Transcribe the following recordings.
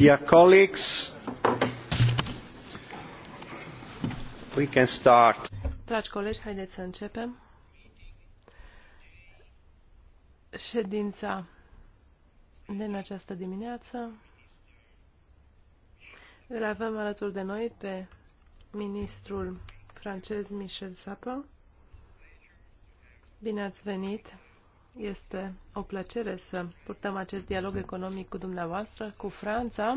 Dear colleagues, we can start. Dragi colegi, haideți să începem. Ședința din această dimineață. Îl avem alături de noi pe ministrul francez Michel Sapin. Bine ați venit! Este o plăcere să purtăm acest dialog economic cu dumneavoastră, cu Franța.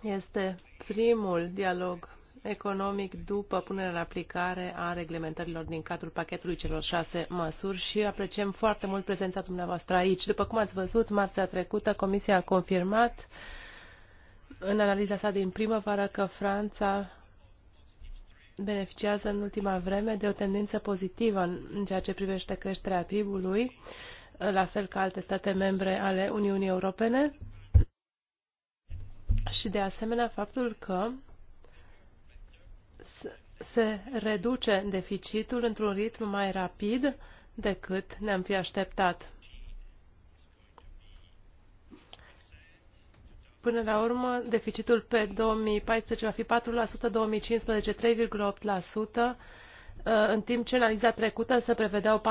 Este primul dialog economic după punerea în aplicare a reglementărilor din cadrul pachetului celor șase măsuri și apreciem foarte mult prezența dumneavoastră aici. După cum ați văzut, marțea trecută Comisia a confirmat în analiza sa din primăvară că Franța beneficiază în ultima vreme de o tendință pozitivă în ceea ce privește creșterea PIB-ului, la fel ca alte state membre ale Uniunii Europene, și de asemenea faptul că se reduce deficitul într-un ritm mai rapid decât ne-am fi așteptat. Până la urmă, deficitul pe 2014 va fi 4%, 2015 3,8%, în timp ce în analiza trecută se prevedeau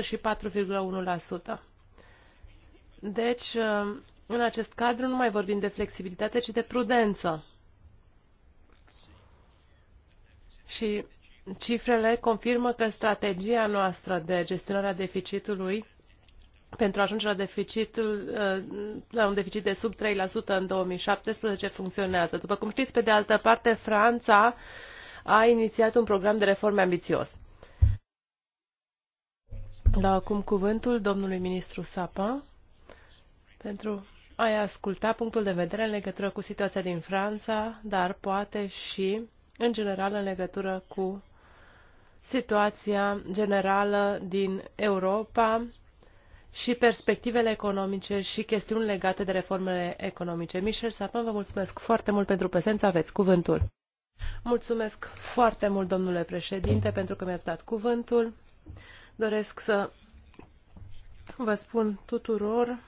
4,3% și 4,1%. Deci, uh, în acest cadru nu mai vorbim de flexibilitate, ci de prudență. Și cifrele confirmă că strategia noastră de gestionare a deficitului pentru a ajunge la, deficitul, uh, la un deficit de sub 3% în 2017 funcționează. După cum știți, pe de altă parte, Franța a inițiat un program de reforme ambițios. Dau acum cuvântul domnului ministru Sapa pentru a asculta punctul de vedere în legătură cu situația din Franța, dar poate și, în general, în legătură cu situația generală din Europa, și perspectivele economice și chestiuni legate de reformele economice. Michel Sapin, vă mulțumesc foarte mult pentru prezență. Aveți cuvântul. Mulțumesc foarte mult, domnule președinte, pentru că mi-ați dat cuvântul. Doresc să vă spun tuturor,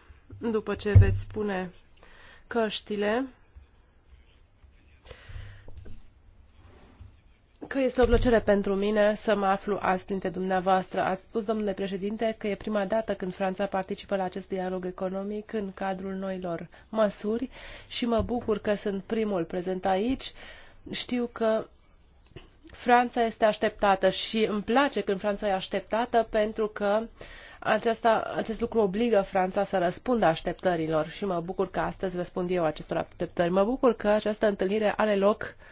după ce veți spune căștile, că este o plăcere pentru mine să mă aflu azi printre dumneavoastră. Ați spus, domnule președinte, că e prima dată când Franța participă la acest dialog economic în cadrul noilor măsuri și mă bucur că sunt primul prezent aici. Știu că Franța este așteptată și îmi place când Franța e așteptată pentru că aceasta, acest lucru obligă Franța să răspundă așteptărilor și mă bucur că astăzi răspund eu acestor așteptări. Mă bucur că această întâlnire are loc uh,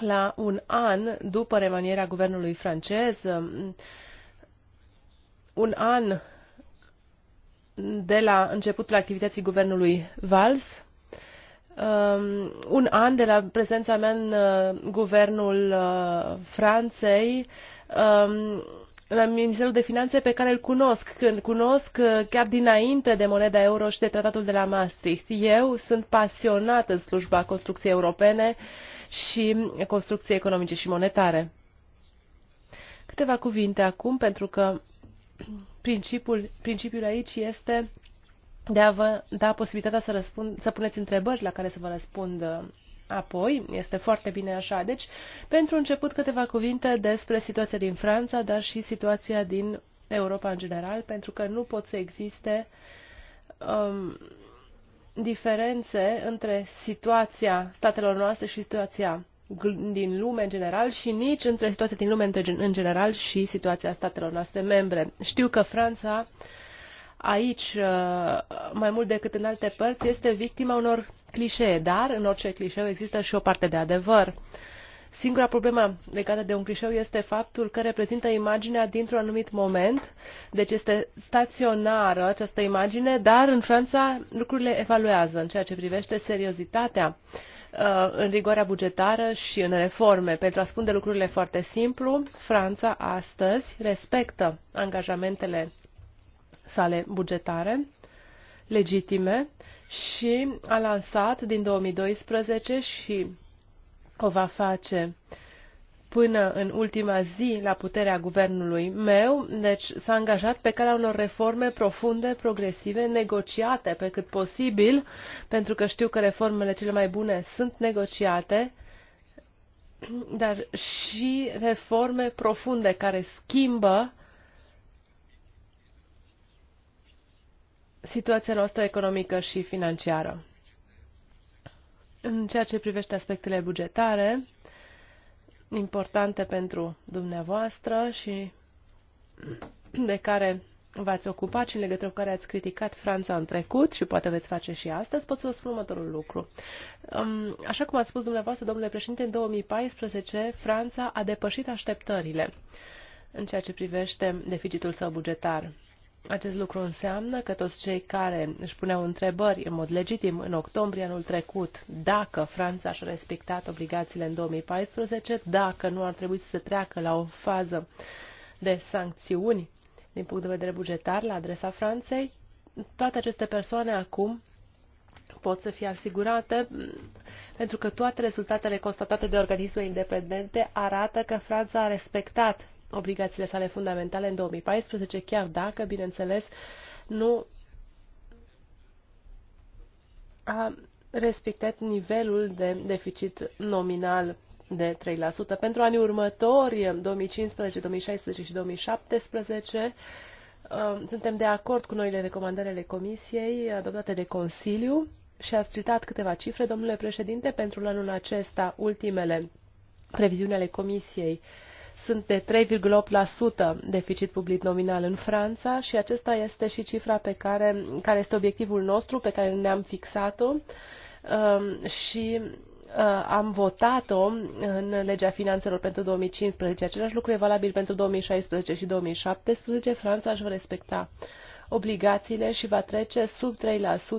la un an după remanierea guvernului francez, un an de la începutul activității guvernului Valls, um, un an de la prezența mea în uh, guvernul uh, Franței, um, la Ministerul de Finanțe pe care îl cunosc, când cunosc uh, chiar dinainte de moneda euro și de tratatul de la Maastricht. Eu sunt pasionată în slujba construcției europene, uh, și construcție economice și monetare. Câteva cuvinte acum, pentru că principiul, principiul aici este de a vă da posibilitatea să, răspund, să puneți întrebări la care să vă răspund uh, apoi. Este foarte bine așa. Deci, pentru început, câteva cuvinte despre situația din Franța, dar și situația din Europa în general, pentru că nu pot să existe um, diferențe între situația statelor noastre și situația din lume în general și nici între situația din lume în general și situația statelor noastre membre. Știu că Franța aici, uh, mai mult decât în alte părți, este victima unor clișee, dar în orice clișeu există și o parte de adevăr. Uh, Singura problemă legată de un clișeu este faptul că reprezintă imaginea dintr-un anumit moment, deci este staționară această imagine, dar în Franța lucrurile evaluează în ceea ce privește seriozitatea uh, în rigoarea bugetară și în reforme. Pentru a spune lucrurile foarte simplu, Franța astăzi respectă angajamentele sale bugetare legitime și a lansat din 2012 și o va face până în ultima zi la puterea guvernului meu, deci s-a angajat pe calea unor reforme profunde, progresive, negociate pe cât posibil, pentru că știu că reformele cele mai bune sunt negociate, dar și reforme profunde care schimbă situația noastră economică și financiară. În ceea ce privește aspectele bugetare, importante pentru dumneavoastră și de care v-ați ocupat și în legătură cu care ați criticat Franța în trecut și poate veți face și astăzi, pot să vă spun următorul lucru. Um, așa cum ați spus dumneavoastră, domnule președinte, în 2014 Franța a depășit așteptările în ceea ce privește deficitul său bugetar. Acest lucru înseamnă că toți cei care își puneau întrebări în mod legitim în octombrie anul trecut dacă Franța și-a respectat obligațiile în 2014, dacă nu ar trebui să se treacă la o fază de sancțiuni din punct de vedere bugetar la adresa Franței, toate aceste persoane acum pot să fie asigurate pentru că toate rezultatele constatate de organisme independente arată că Franța a respectat obligațiile sale fundamentale în 2014, chiar dacă, bineînțeles, nu a respectat nivelul de deficit nominal de 3%. Pentru anii următori, 2015, 2016 și 2017, um, suntem de acord cu noile recomandări ale Comisiei adoptate de Consiliu și ați citat câteva cifre, domnule președinte, pentru anul acesta, ultimele previziuni ale Comisiei uh, sunt de 3,8% deficit public nominal în Franța și acesta este și cifra pe care, care este obiectivul nostru, pe care ne-am fixat-o um, și uh, am votat-o în legea finanțelor pentru 2015. Același lucru e valabil pentru 2016 și 2017. Franța își va respecta obligațiile și va trece sub 3%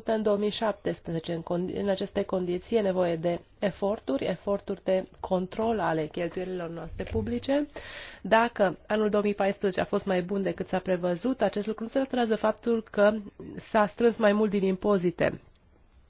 în 2017. În, în aceste condiții e nevoie de eforturi, eforturi de control ale cheltuielilor noastre publice. Dacă anul 2014 a fost mai bun decât s-a prevăzut, acest lucru se datorează faptul că s-a strâns mai mult din impozite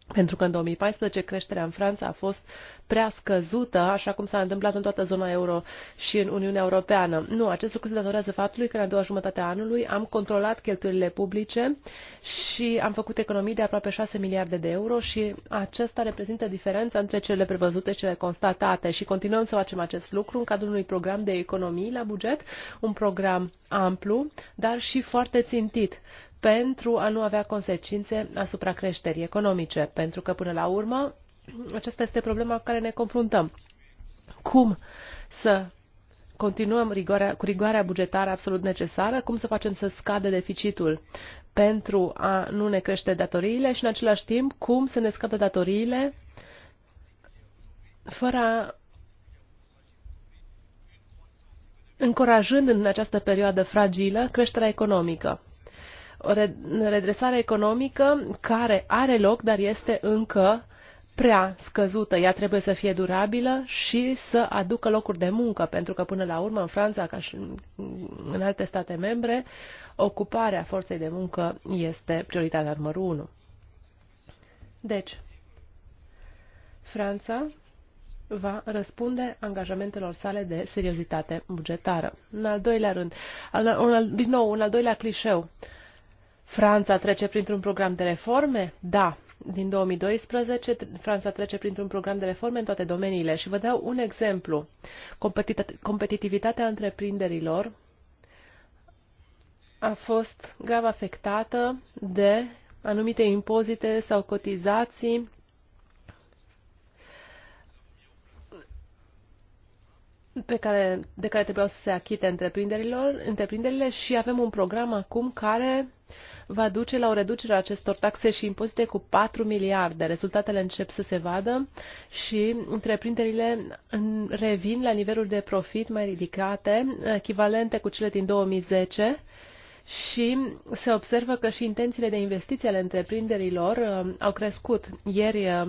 pentru că în 2014 creșterea în Franța a fost prea scăzută, așa cum s-a întâmplat în toată zona euro și în Uniunea Europeană. Nu, acest lucru se datorează faptului că în a doua jumătate a anului am controlat cheltuielile publice și am făcut economii de aproape 6 miliarde de euro și acesta reprezintă diferența între cele prevăzute și cele constatate și continuăm să facem acest lucru în cadrul unui program de economii la buget, un program amplu, dar și foarte țintit pentru a nu avea consecințe asupra creșterii economice, pentru că până la urmă aceasta este problema cu care ne confruntăm. Cum să continuăm rigoarea, cu rigoarea bugetară absolut necesară, cum să facem să scadă deficitul pentru a nu ne crește datoriile și în același timp cum să ne scadă datoriile fără a încurajând în această perioadă fragilă creșterea economică redresare economică care are loc, dar este încă prea scăzută. Ea trebuie să fie durabilă și să aducă locuri de muncă, pentru că până la urmă în Franța, ca și în alte state membre, ocuparea forței de muncă este prioritatea numărul 1. Deci, Franța va răspunde angajamentelor sale de seriozitate bugetară. În al doilea rând, al, un, din nou, un al doilea clișeu. Uh, Franța trece printr-un program de reforme? Da. Din 2012, Franța trece printr-un program de reforme în toate domeniile. Și vă dau un exemplu. Competit competitivitatea întreprinderilor a fost grav afectată de anumite impozite sau cotizații pe care, de care trebuiau să se achite întreprinderilor, întreprinderile și avem un program acum care va duce la o reducere a acestor taxe și impozite cu 4 miliarde. Rezultatele încep să se vadă și întreprinderile revin la niveluri de profit mai ridicate, echivalente cu cele din 2010 și se observă că și intențiile de investiție ale întreprinderilor uh, au crescut. Ieri uh,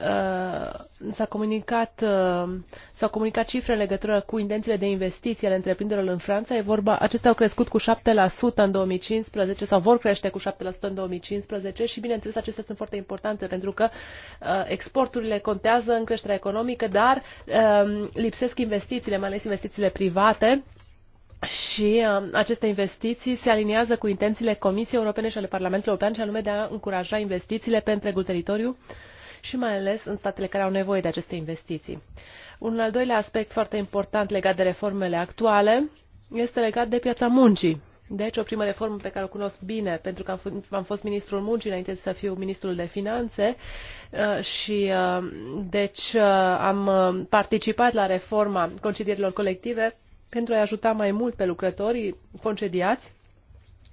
Uh, s-a comunicat, uh, s-au comunicat cifre în legătură cu intențiile de investiții ale întreprinderilor în Franța. E vorba, acestea au crescut cu 7% în 2015 sau vor crește cu 7% în 2015 și, bineînțeles, acestea sunt foarte importante pentru că uh, exporturile contează în creșterea economică, dar um, lipsesc investițiile, mai ales investițiile private. Și uh, aceste investiții se aliniază cu intențiile Comisiei Europene și ale Parlamentului European, și anume de a încuraja investițiile pe întregul teritoriu uh, și mai ales în statele care au nevoie de aceste investiții. Un al doilea aspect foarte important legat de reformele actuale este legat de piața muncii. Deci, o primă reformă pe care o cunosc bine, pentru că am, am fost ministrul muncii înainte să fiu ministrul de finanțe uh, și, uh, deci, uh, am participat la reforma concedierilor colective pentru a-i ajuta mai mult pe lucrătorii concediați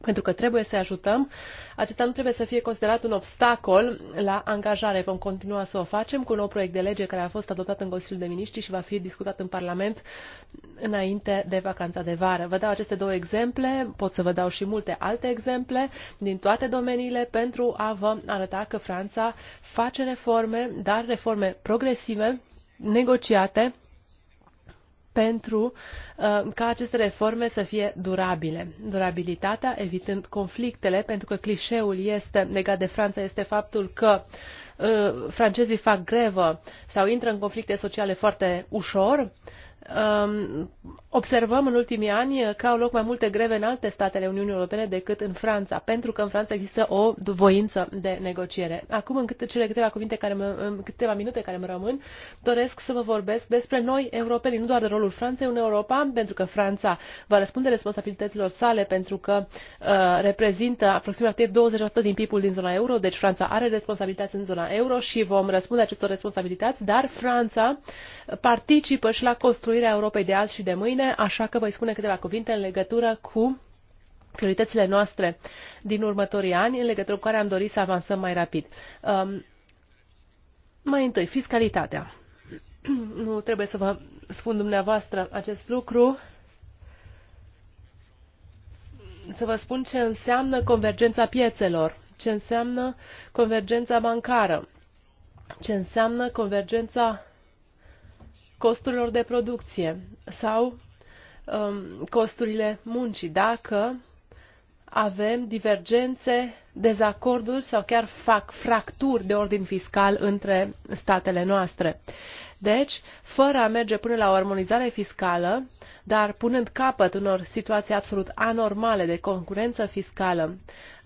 pentru că trebuie să ajutăm. Acesta nu trebuie să fie considerat un obstacol la angajare. Vom continua să o facem cu un nou proiect de lege care a fost adoptat în Consiliul de Miniștri și va fi discutat în Parlament înainte de vacanța de vară. Vă dau aceste două exemple, pot să vă dau și multe alte exemple din toate domeniile pentru a vă arăta că Franța face reforme, dar reforme progresive, negociate pentru uh, ca aceste reforme să fie durabile. Durabilitatea, evitând conflictele, pentru că clișeul este legat de Franța este faptul că uh, francezii fac grevă sau intră în conflicte sociale foarte ușor, uh, um, observăm în ultimii ani că au loc mai multe greve în alte statele Uniunii Europene decât în Franța, pentru că în Franța există o voință de negociere. Acum, în câte, cele câteva cuvinte care mă, în câteva minute care îmi rămân, doresc să vă vorbesc despre noi, europeni, nu doar de rolul Franței în Europa, pentru că Franța va răspunde responsabilităților sale, pentru că uh, reprezintă aproximativ 20% din PIB-ul din zona euro, deci Franța are responsabilități în zona euro și vom răspunde acestor responsabilități, dar Franța participă și la construire construirea Europei de azi și de mâine, așa că voi spune câteva cuvinte în legătură cu prioritățile noastre din următorii ani, în legătură cu care am dorit să avansăm mai rapid. Um, mai întâi, fiscalitatea. nu trebuie să vă spun dumneavoastră acest lucru. Să vă spun ce înseamnă convergența piețelor, ce înseamnă convergența bancară, ce înseamnă convergența costurilor de producție sau um, costurile muncii, dacă avem divergențe, dezacorduri sau chiar fac fracturi de ordin fiscal între statele noastre. Deci, fără a merge până la o armonizare fiscală, dar punând capăt unor situații absolut anormale de concurență fiscală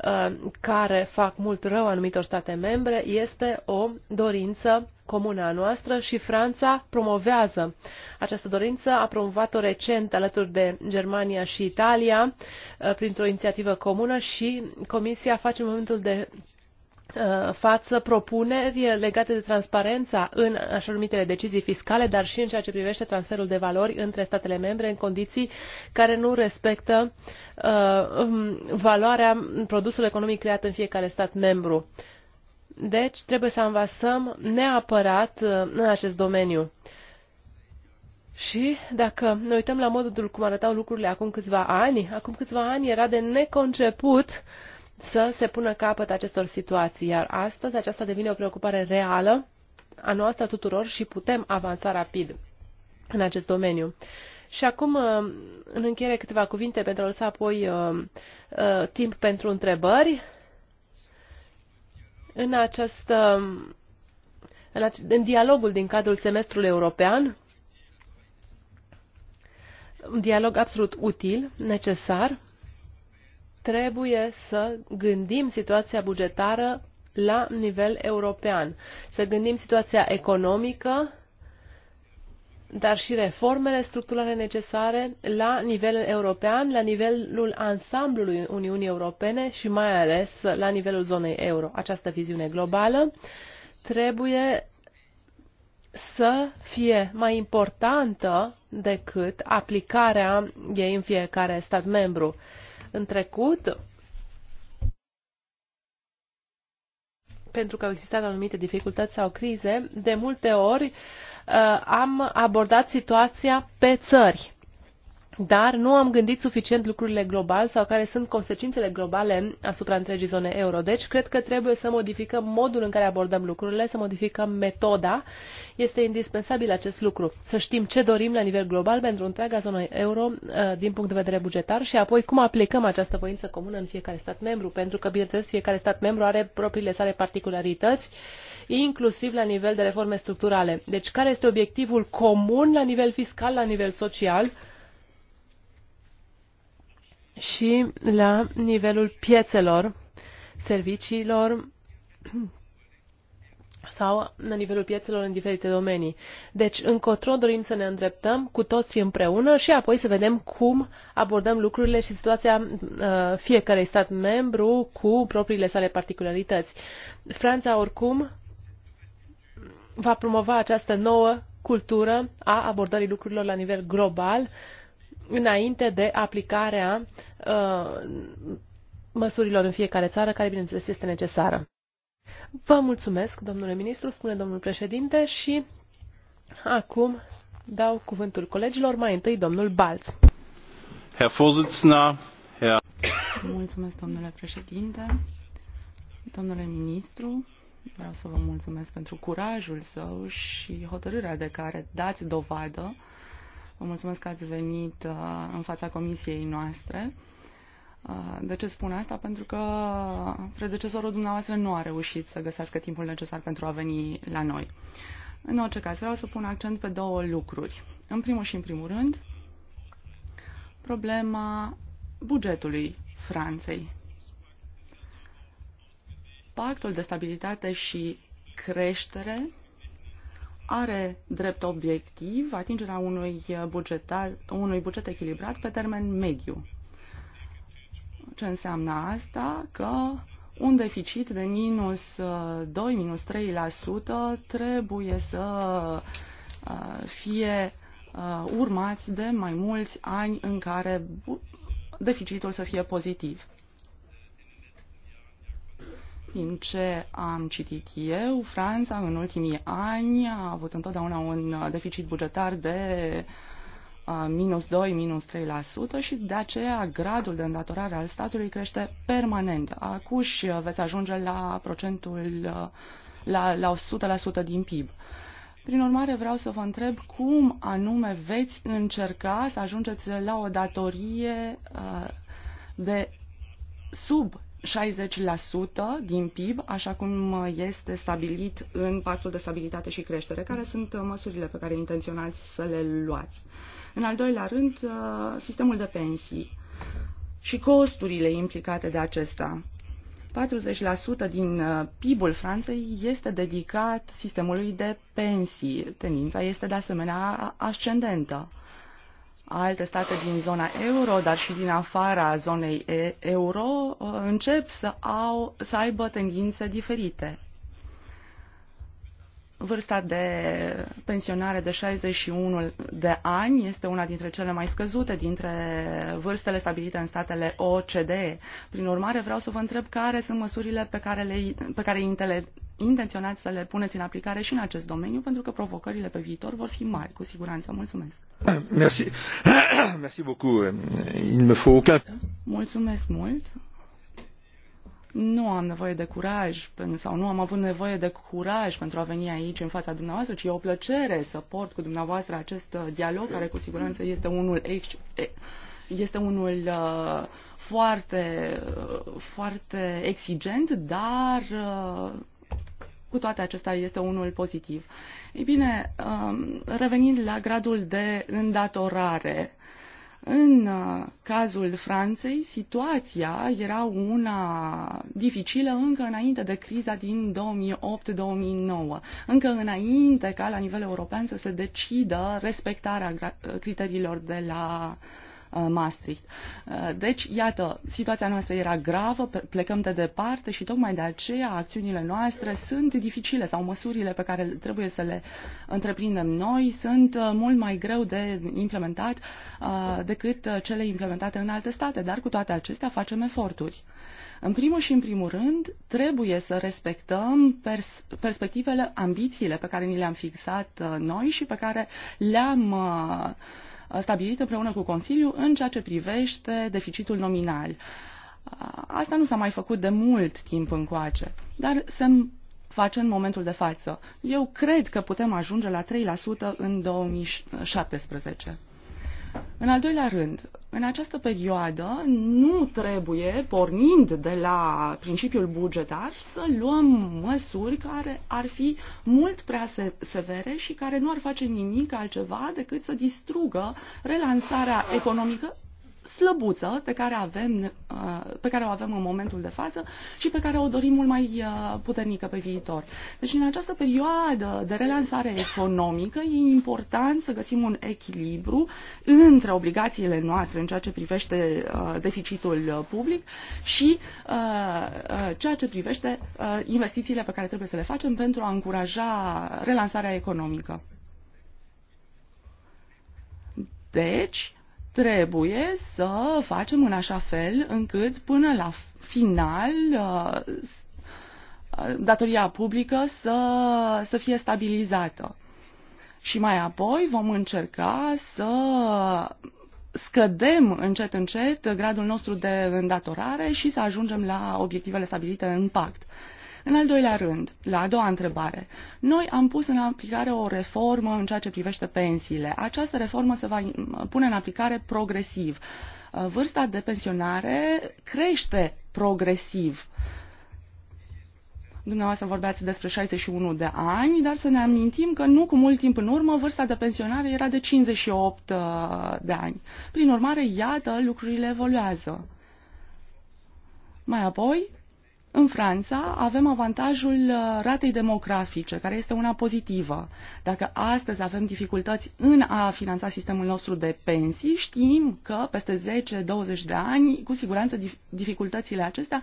uh, care fac mult rău anumitor state membre, este o dorință comună a noastră și Franța promovează această dorință. A promovat-o recent alături de Germania și Italia uh, printr-o inițiativă comună și Comisia face în momentul de uh, față propuneri legate de transparența în așa numitele decizii fiscale, dar și în ceea ce privește transferul de valori între statele membre în condiții care nu respectă uh, um, valoarea produsului economic creat în fiecare stat membru. Uh, deci trebuie să învățăm neapărat uh, în acest domeniu. Și dacă ne uităm la modul cum arătau lucrurile acum câțiva ani, acum câțiva ani era de neconceput să se pună capăt acestor situații, iar astăzi aceasta devine o preocupare reală a noastră tuturor și putem avansa rapid în acest domeniu. Și acum, uh, în încheiere, câteva cuvinte pentru a lăsa apoi uh, uh, timp pentru întrebări. În acest um, în dialogul din cadrul semestrului european, un dialog absolut util, necesar, trebuie să gândim situația bugetară la nivel european, să gândim situația economică dar și reformele structurale necesare la nivel european, la nivelul ansamblului Uniunii Europene și mai ales la nivelul zonei euro. Această viziune globală trebuie să fie mai importantă decât aplicarea ei în fiecare stat membru. În trecut, pentru că au existat anumite dificultăți sau crize, de multe ori uh, am abordat situația pe țări dar nu am gândit suficient lucrurile global sau care sunt consecințele globale asupra întregii zone euro. Deci, cred că trebuie să modificăm modul în care abordăm lucrurile, să modificăm metoda. Este indispensabil acest lucru. Să știm ce dorim la nivel global pentru întreaga zonă euro uh, din punct de vedere bugetar și apoi cum aplicăm această voință comună în fiecare stat membru, pentru că, bineînțeles, fiecare stat membru are propriile sale particularități inclusiv la nivel de reforme structurale. Deci care este obiectivul comun la nivel fiscal, la nivel social, și la nivelul piețelor, serviciilor sau la nivelul piețelor în diferite domenii. Deci, încotro dorim să ne îndreptăm cu toții împreună și apoi să vedem cum abordăm lucrurile și situația uh, fiecărei stat membru cu propriile sale particularități. Franța, oricum, va promova această nouă cultură a abordării lucrurilor la nivel global uh, înainte de aplicarea uh, măsurilor în fiecare țară, care, bineînțeles, este necesară. Vă mulțumesc, domnule ministru, spune domnul președinte, și acum dau cuvântul colegilor, mai întâi domnul Balț. Herr Vorsitzender, Herr... Mulțumesc, domnule președinte, domnule ministru, vreau să vă mulțumesc pentru curajul său și hotărârea de care dați dovadă Vă mulțumesc că ați venit uh, în fața comisiei noastre. Uh, de ce spun asta? Pentru că predecesorul dumneavoastră nu a reușit să găsească timpul necesar pentru a veni la noi. În orice caz, vreau să pun accent pe două lucruri. În primul și în primul rând, problema bugetului Franței. Pactul de stabilitate și creștere are drept obiectiv atingerea unui, uh, bugetar, unui buget echilibrat pe termen mediu. Ce înseamnă asta? Că un deficit de minus 2, uh, minus 3% trebuie să uh, fie urmați de mai mulți ani în care deficitul să fie pozitiv. Din ce am citit eu, Franța în ultimii ani a avut întotdeauna un uh, deficit bugetar de uh, minus 2, minus 3% și de aceea gradul de îndatorare al statului crește permanent. Acuși uh, veți ajunge la procentul la, la 100% din PIB. Prin urmare, vreau să vă întreb cum anume veți încerca să ajungeți la o datorie de sub 60% din PIB, așa cum uh, este stabilit în Pactul de Stabilitate și Creștere. Care sunt uh, măsurile pe care intenționați să le luați? În al doilea rând, uh, sistemul de pensii și costurile implicate de acesta. 40% din PIB-ul Franței este dedicat sistemului de pensii. Tendința este de asemenea ascendentă alte state din zona euro, dar și din afara zonei euro, uh, încep să, au, să aibă tendințe diferite. Vârsta de pensionare de 61 de ani este una dintre cele mai scăzute dintre vârstele stabilite în statele OCDE. Prin urmare, vreau să vă întreb care sunt măsurile pe care, le, pe care intele, intenționați să le puneți în aplicare și în acest domeniu, pentru că provocările pe viitor vor fi mari, cu siguranță. Mulțumesc! Merci. Merci beaucoup. Il me faut aucun... Mulțumesc mult! nu am nevoie de curaj sau nu am avut nevoie de curaj pentru a veni aici în fața dumneavoastră, ci e o plăcere să port cu dumneavoastră acest uh, dialog care cu siguranță este unul ex- este unul uh, foarte, uh, foarte exigent, dar uh, cu toate acestea este unul pozitiv. Ei bine, um, revenind la gradul de îndatorare, uh, în uh, cazul Franței, situația era una dificilă încă înainte de criza din 2008-2009, încă înainte ca la nivel european să se decidă respectarea criteriilor de la uh, Uh, Maastricht. Uh, deci, iată, situația noastră era gravă, plecăm de departe și tocmai de aceea acțiunile noastre sunt dificile sau măsurile pe care trebuie să le întreprindem noi sunt uh, mult mai greu de implementat decât cele implementate în alte state, dar cu toate acestea facem eforturi. În primul și în primul rând, trebuie să respectăm pers- perspectivele, ambițiile pe care ni le-am fixat noi și pe care le-am uh, Uh, stabilit împreună cu Consiliul în ceea ce privește deficitul nominal. Uh, asta nu s-a mai făcut de mult timp încoace, dar se face în momentul de față. Eu cred că putem ajunge la 3% în 2017. În al doilea rând, în această perioadă nu trebuie, pornind de la principiul bugetar, să luăm măsuri care ar fi mult prea severe și care nu ar face nimic altceva decât să distrugă relansarea economică slăbuță pe care, avem, uh, pe care o avem în momentul de față și pe care o dorim mult mai uh, puternică pe viitor. Deci în această perioadă de relansare economică e important să găsim un echilibru între obligațiile noastre în ceea ce privește uh, deficitul public și ceea ce privește investițiile pe care trebuie să le facem pentru a încuraja relansarea economică. Deci, Trebuie să facem în așa fel încât până la final uh, datoria publică să, să fie stabilizată. Și mai apoi vom încerca să scădem încet încet gradul nostru de îndatorare și să ajungem la obiectivele stabilite în pact. În al doilea rând, la a doua întrebare, noi am pus în aplicare o reformă în ceea ce privește pensiile. Această reformă se va pune în aplicare progresiv. Uh, vârsta de pensionare crește progresiv. Dumneavoastră vorbeați despre 61 de ani, dar să ne amintim că nu cu mult timp în urmă vârsta de pensionare era de 58 uh, de ani. Prin urmare, iată, lucrurile evoluează. Mai apoi, în Franța avem avantajul uh, ratei demografice, care este una pozitivă. Dacă astăzi avem dificultăți în a finanța sistemul nostru de pensii, știm că peste 10-20 de ani, cu siguranță, dificultățile acestea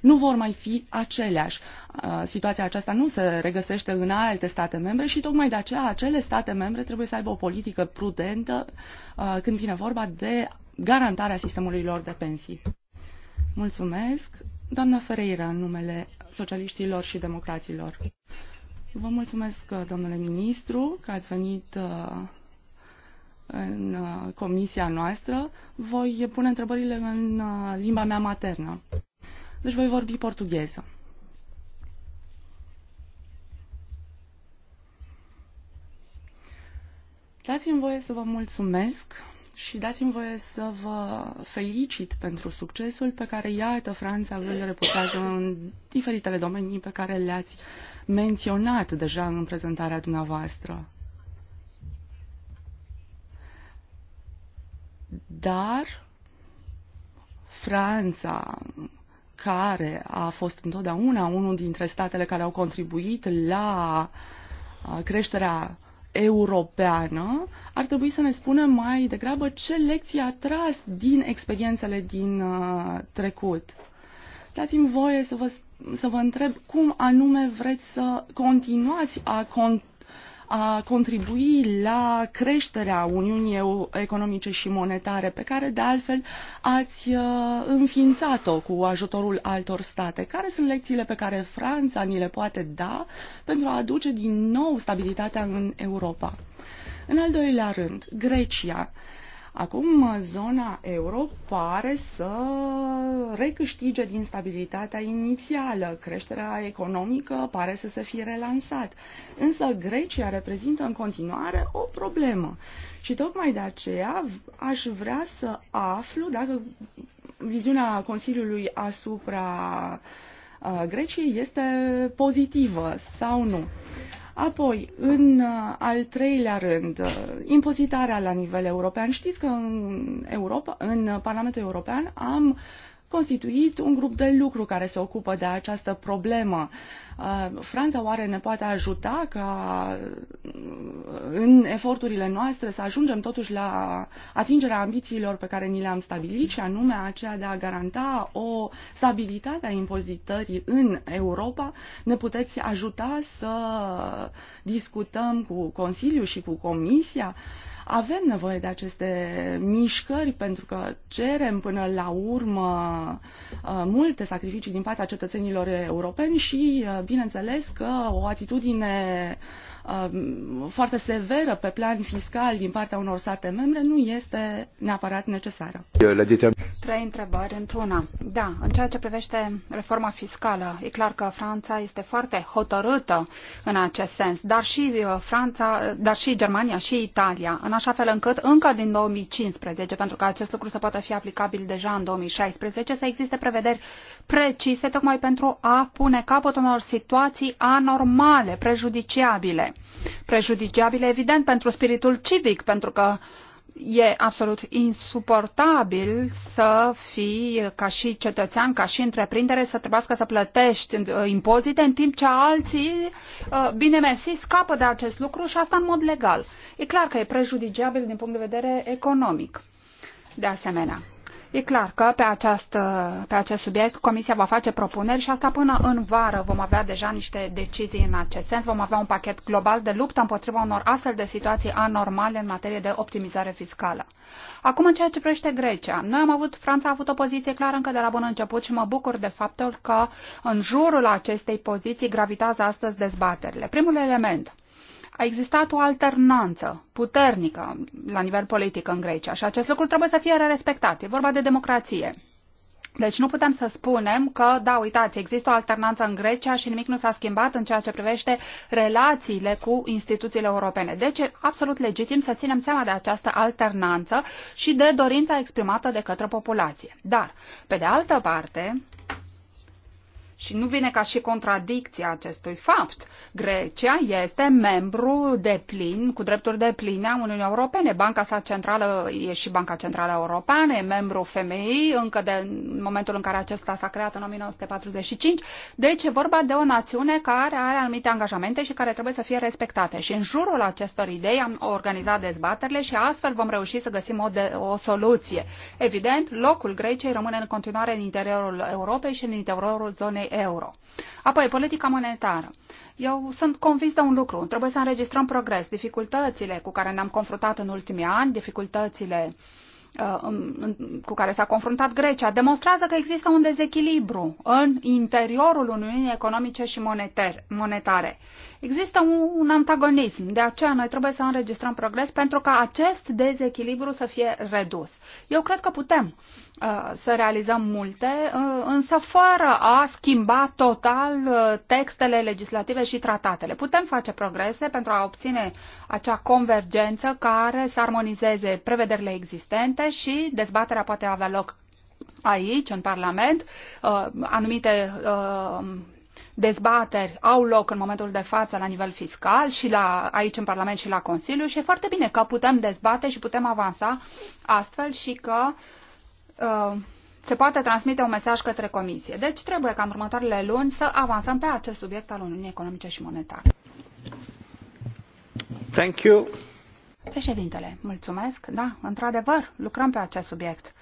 nu vor mai fi aceleași. Uh, situația aceasta nu se regăsește în alte state membre și tocmai de aceea acele state membre trebuie să aibă o politică prudentă uh, când vine vorba de garantarea sistemului lor de pensii. Mulțumesc. Doamna Ferreira, în numele socialiștilor și democraților. Vă mulțumesc, domnule ministru, că ați venit uh, în uh, comisia noastră. Voi pune întrebările în uh, limba mea maternă. Deci voi vorbi portugheză. Dați-mi voie să vă mulțumesc și dați-mi voie să vă felicit pentru succesul pe care, iată, Franța îl reputează în diferitele domenii pe care le-ați menționat deja în prezentarea dumneavoastră. Dar Franța, care a fost întotdeauna unul dintre statele care au contribuit la uh, creșterea europeană, ar trebui să ne spunem mai degrabă ce lecții a tras din experiențele din uh, trecut. Dați-mi voie să vă, să vă întreb cum anume vreți să continuați a, con- a contribui la creșterea Uniunii Economice și Monetare, pe care de altfel ați uh, înființat-o cu ajutorul altor state. Care sunt lecțiile pe care Franța ni le poate da pentru a aduce din nou stabilitatea în Europa? În al doilea rând, Grecia. Acum zona euro pare să recâștige din stabilitatea inițială. Creșterea economică pare să se fie relansat. Însă Grecia reprezintă în continuare o problemă. Și tocmai de aceea aș vrea să aflu dacă viziunea Consiliului asupra uh, Greciei este pozitivă sau nu. Apoi, în uh, al treilea rând, uh, impozitarea la nivel european. Știți că în, Europa, în uh, Parlamentul European am constituit un grup de lucru care se ocupă de această problemă. Uh, Franța oare ne poate ajuta ca uh, în eforturile noastre să ajungem totuși la atingerea ambițiilor pe care ni le-am stabilit și anume aceea de a garanta o stabilitate a impozitării în Europa? Ne puteți ajuta să discutăm cu Consiliul și cu Comisia? Avem nevoie de aceste mișcări pentru că cerem până la urmă uh, multe sacrificii din partea cetățenilor europeni și uh, bineînțeles că o atitudine uh, Um, foarte severă pe plan fiscal din partea unor state membre nu este neapărat necesară. Trei întrebări într-una. Da, în ceea ce privește reforma fiscală, e clar că Franța este foarte hotărâtă în acest sens, dar și uh, Franța, dar și Germania și Italia, în așa fel încât încă din 2015, pentru că acest lucru se poate fi aplicabil deja în 2016, să existe prevederi precise tocmai pentru a pune capăt unor situații anormale, prejudiciabile. Prejudiciabile, evident, pentru spiritul civic, pentru că e absolut insuportabil să fii ca și cetățean, ca și întreprindere, să trebuiască să plătești uh, impozite în timp ce alții, uh, bine mersi, scapă de acest lucru și asta în mod legal. E clar că e prejudiciabil din punct de vedere economic. De asemenea, E clar că pe, această, pe acest subiect Comisia va face propuneri și asta până în vară vom avea deja niște decizii în acest sens. Vom avea un pachet global de luptă împotriva unor astfel de situații anormale în materie de optimizare fiscală. Acum, în ceea ce privește Grecia, noi am avut, Franța a avut o poziție clară încă de la bun început și mă bucur de faptul că în jurul acestei poziții gravitează astăzi dezbaterile. Primul element, a existat o alternanță puternică la nivel politic în Grecia și acest lucru trebuie să fie respectat. E vorba de democrație. Deci nu putem să spunem că, da, uitați, există o alternanță în Grecia și nimic nu s-a schimbat în ceea ce privește relațiile cu instituțiile europene. Deci e absolut legitim să ținem seama de această alternanță și de dorința exprimată de către populație. Dar, pe de altă parte, și nu vine ca și contradicția acestui fapt. Grecia este membru de plin, cu drepturi de pline a Uniunii Europene. Banca sa centrală e și Banca Centrală Europeană, e membru FMI încă de în momentul în care acesta s-a creat în 1945. Deci e vorba de o națiune care are anumite angajamente și care trebuie să fie respectate. Și în jurul acestor idei am organizat dezbaterile și astfel vom reuși să găsim o, de, o soluție. Evident, locul Greciei rămâne în continuare în interiorul Europei și în interiorul zonei euro. Apoi, politica monetară. Eu sunt convins de un lucru. Trebuie să înregistrăm progres. Dificultățile cu care ne-am confruntat în ultimii ani, dificultățile uh, cu care s-a confruntat Grecia, demonstrează că există un dezechilibru în interiorul Uniunii Economice și Monetare. Există un antagonism, de aceea noi trebuie să înregistrăm progres pentru ca acest dezechilibru să fie redus. Eu cred că putem Uh, să realizăm multe, uh, însă fără a schimba total uh, textele legislative și tratatele. Putem face progrese pentru a obține acea convergență care să armonizeze prevederile existente și dezbaterea poate avea loc aici, în Parlament. Anumite dezbateri au loc în momentul de față la nivel fiscal și la, aici în Parlament și la Consiliu și e foarte bine că putem dezbate și putem avansa astfel și că uh, Uh, se poate transmite un mesaj către Comisie. Deci trebuie ca în următoarele luni să avansăm pe acest subiect al Uniunii Economice și Monetare. Thank you. Președintele, mulțumesc. Da, într-adevăr, lucrăm pe acest subiect.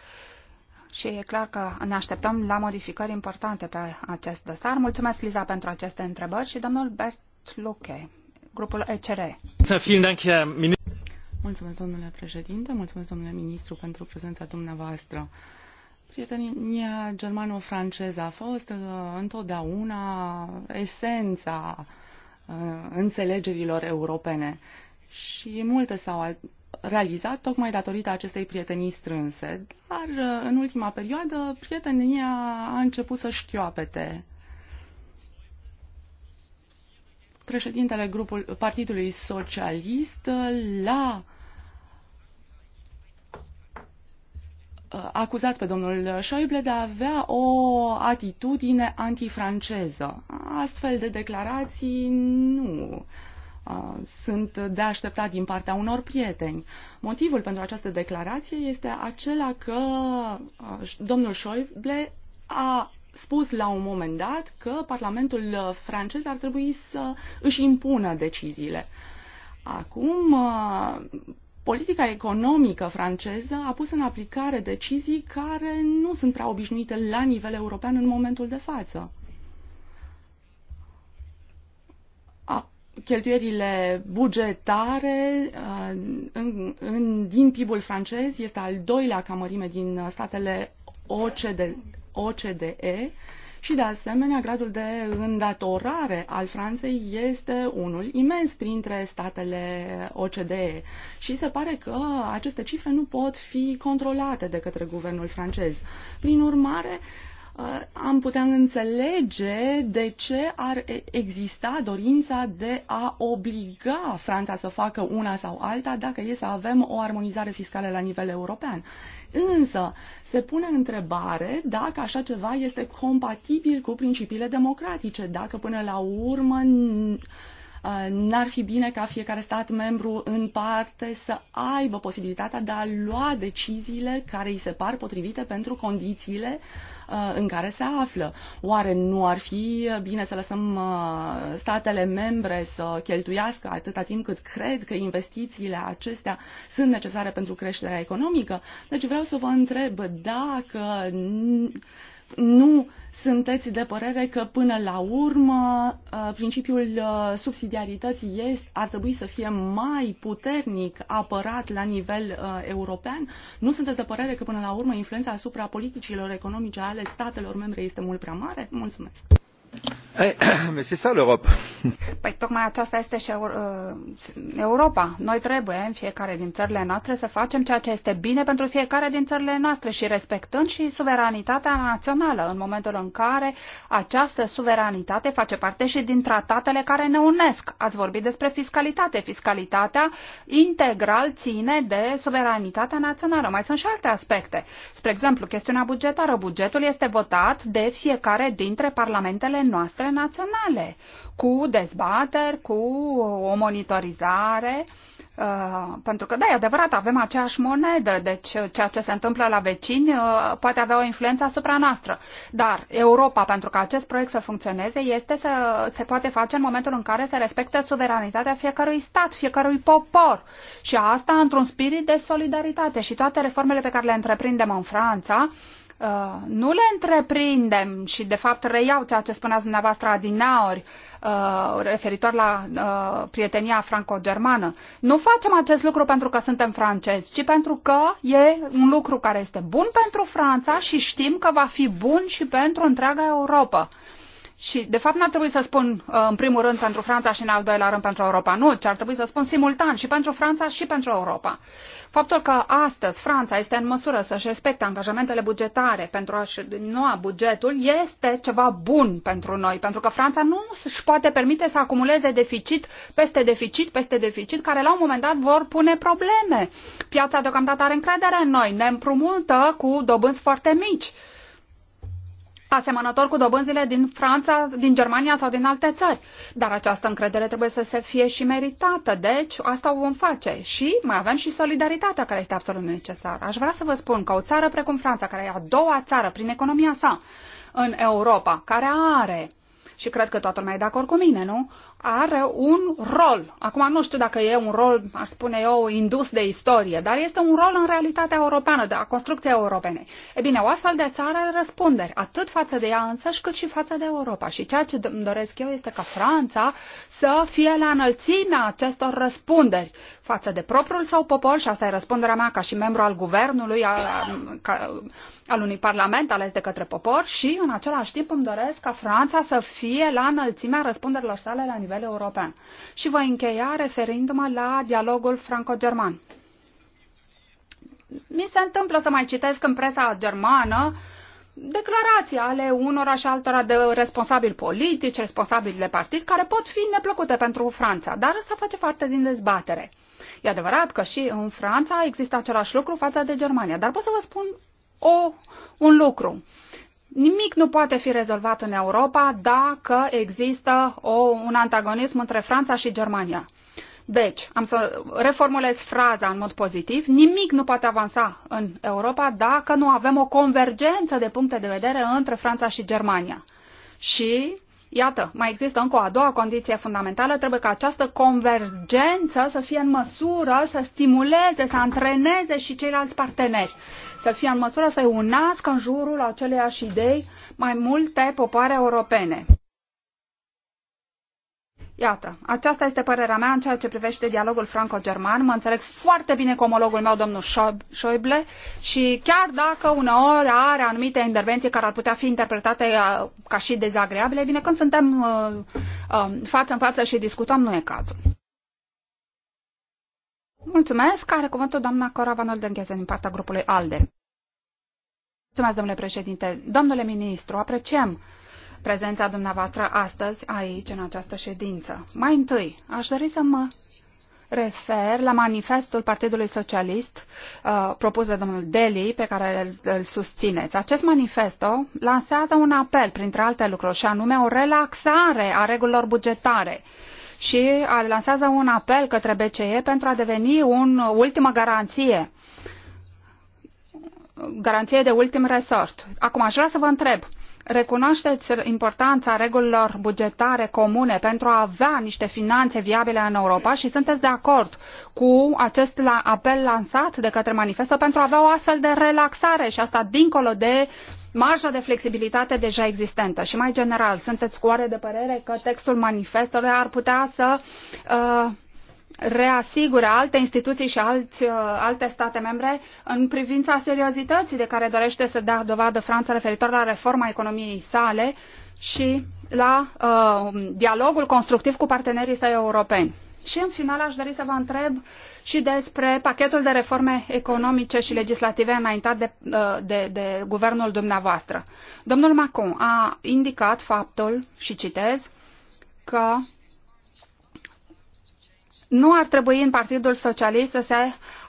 Și e clar că ne așteptăm la modificări importante pe acest dosar. Mulțumesc, Liza, pentru aceste întrebări și domnul Bert Luche, grupul ECR. Mulțumesc. Dank, Mulțumesc, domnule președinte, mulțumesc, domnule ministru, pentru prezența dumneavoastră. Prietenia germano-franceză a fost uh, întotdeauna esența uh, înțelegerilor europene și multe s-au realizat tocmai datorită acestei prietenii strânse, dar uh, în ultima perioadă prietenia a început să șchioapete președintele grupul, Partidului Socialist l-a uh, acuzat pe domnul Schäuble de a avea o atitudine antifranceză. Astfel de declarații nu uh, sunt de așteptat din partea unor prieteni. Motivul pentru această declarație este acela că uh, domnul Schäuble a spus la un moment dat că Parlamentul uh, francez ar trebui să își impună deciziile. Acum, uh, politica economică franceză a pus în aplicare decizii care nu sunt prea obișnuite la nivel european în momentul de față. cheltuierile bugetare uh, în, în, din PIB-ul francez este al doilea ca mărime din statele OCDE, OCDE și, de asemenea, gradul de îndatorare al Franței este unul imens printre statele OCDE și se pare că aceste cifre nu pot fi controlate de către guvernul francez. Prin urmare, uh, am putea înțelege de ce ar exista dorința de a obliga Franța să facă una sau alta dacă e să avem o armonizare fiscală la nivel european. Însă se pune întrebare dacă așa ceva este compatibil cu principiile democratice, dacă până la urmă N-ar fi bine ca fiecare stat membru în parte să aibă posibilitatea de a lua deciziile care îi se par potrivite pentru condițiile uh, în care se află. Oare nu ar fi bine să lăsăm uh, statele membre să cheltuiască atâta timp cât cred că investițiile acestea sunt necesare pentru creșterea economică? Deci vreau să vă întreb dacă nu sunteți de părere că până la urmă uh, principiul uh, subsidiarității este, ar trebui să fie mai puternic apărat la nivel uh, european? Nu sunteți de părere că până la urmă influența asupra politicilor economice ale statelor membre este mult prea mare? Mulțumesc! Eh, păi tocmai aceasta este și uh, Europa. Noi trebuie în fiecare din țările noastre să facem ceea ce este bine pentru fiecare din țările noastre și respectând și suveranitatea națională în momentul în care această suveranitate face parte și din tratatele care ne unesc. Ați vorbit despre fiscalitate. Fiscalitatea integral ține de suveranitatea națională. Mai sunt și alte aspecte. Spre exemplu, chestiunea bugetară. Bugetul este votat de fiecare dintre parlamentele noastre naționale, cu dezbateri, cu o monitorizare, uh, pentru că, da, e adevărat, avem aceeași monedă, deci uh, ceea ce se întâmplă la vecini uh, poate avea o influență asupra noastră. Dar Europa, pentru că acest proiect să funcționeze, este să, se poate face în momentul în care se respectă suveranitatea fiecărui stat, fiecărui popor. Și asta într-un spirit de solidaritate. Și toate reformele pe care le întreprindem în Franța, Uh, nu le întreprindem și de fapt reiau ceea ce spuneați dumneavoastră adinaori uh, referitor la uh, prietenia franco-germană. Nu facem acest lucru pentru că suntem francezi, ci pentru că e un lucru care este bun pentru Franța și știm că va fi bun și pentru întreaga Europa. Și, de fapt, n-ar trebui să spun uh, în primul rând pentru Franța și în al doilea rând pentru Europa. Nu, ci ar trebui să spun simultan și pentru Franța și pentru Europa. Faptul că astăzi Franța este în măsură să-și respecte angajamentele bugetare pentru a-și diminua bugetul este ceva bun pentru noi, pentru că Franța nu își poate permite să acumuleze deficit peste deficit peste deficit, care la un moment dat vor pune probleme. Piața deocamdată are încredere în noi, ne împrumută cu dobânzi foarte mici asemănător cu dobânzile din Franța, din Germania sau din alte țări. Dar această încredere trebuie să se fie și meritată, deci asta o vom face. Și mai avem și solidaritatea care este absolut necesară. Aș vrea să vă spun că o țară precum Franța, care e a doua țară prin economia sa în Europa, care are și cred că toată lumea e de acord cu mine, nu? are un rol. Acum nu știu dacă e un rol, ar spune eu, indus de istorie, dar este un rol în realitatea europeană, de a construcției europene. E bine, o astfel de țară are răspunderi, atât față de ea însăși, cât și față de Europa. Și ceea ce îmi doresc eu este ca Franța să fie la înălțimea acestor răspunderi față de propriul sau popor, și asta e răspunderea mea ca și membru al guvernului, al, ca, al unui parlament ales de către popor, și în același timp îmi doresc ca Franța să fie la înălțimea răspunderilor sale la nivel nivel european. Și voi încheia referindu-mă la dialogul franco-german. Mi se întâmplă să mai citesc în presa germană declarații ale unora și altora de responsabili politici, responsabili de partid, care pot fi neplăcute pentru Franța, dar asta face parte din dezbatere. E adevărat că și în Franța există același lucru față de Germania, dar pot să vă spun o, un lucru. Nimic nu poate fi rezolvat în Europa dacă există o, un antagonism între Franța și Germania. Deci, am să reformulez fraza în mod pozitiv. Nimic nu poate avansa în Europa dacă nu avem o convergență de puncte de vedere între Franța și Germania. Și Iată, mai există încă o a doua condiție fundamentală, trebuie ca această convergență să fie în măsură să stimuleze, să antreneze și ceilalți parteneri, să fie în măsură să-i unească în jurul aceleiași idei mai multe popoare europene. Iată, aceasta este părerea mea în ceea ce privește dialogul franco-german. Mă înțeleg foarte bine cu omologul meu, domnul Schäuble, și chiar dacă uneori are anumite intervenții care ar putea fi interpretate uh, ca și dezagreabile, bine, când suntem uh, uh, față în față și discutăm, nu e cazul. Mulțumesc. Are cuvântul doamna Cora Van Oldengheze din partea grupului ALDE. Mulțumesc, domnule președinte. Domnule ministru, apreciem prezența dumneavoastră astăzi aici, în această ședință. Mai întâi, aș dori să mă refer la manifestul Partidului Socialist uh, propus de domnul Deli, pe care îl, îl susțineți. Acest manifesto lansează un apel, printre alte lucruri, și anume o relaxare a regulilor bugetare și lansează un apel către BCE pentru a deveni o ultimă garanție garanție de ultim resort. Acum aș vrea să vă întreb, Recunoașteți importanța regulilor bugetare comune pentru a avea niște finanțe viabile în Europa și sunteți de acord cu acest apel lansat de către manifestă pentru a avea o astfel de relaxare și asta dincolo de marja de flexibilitate deja existentă și mai general sunteți oare de părere că textul manifestului ar putea să uh, reasigure alte instituții și alți, uh, alte state membre în privința seriozității de care dorește să dea dovadă Franța referitor la reforma economiei sale și la uh, dialogul constructiv cu partenerii săi europeni. Și în final aș dori să vă întreb și despre pachetul de reforme economice și legislative înaintat de, uh, de, de guvernul dumneavoastră. Domnul Macron a indicat faptul, și citez, că nu ar trebui în Partidul Socialist să se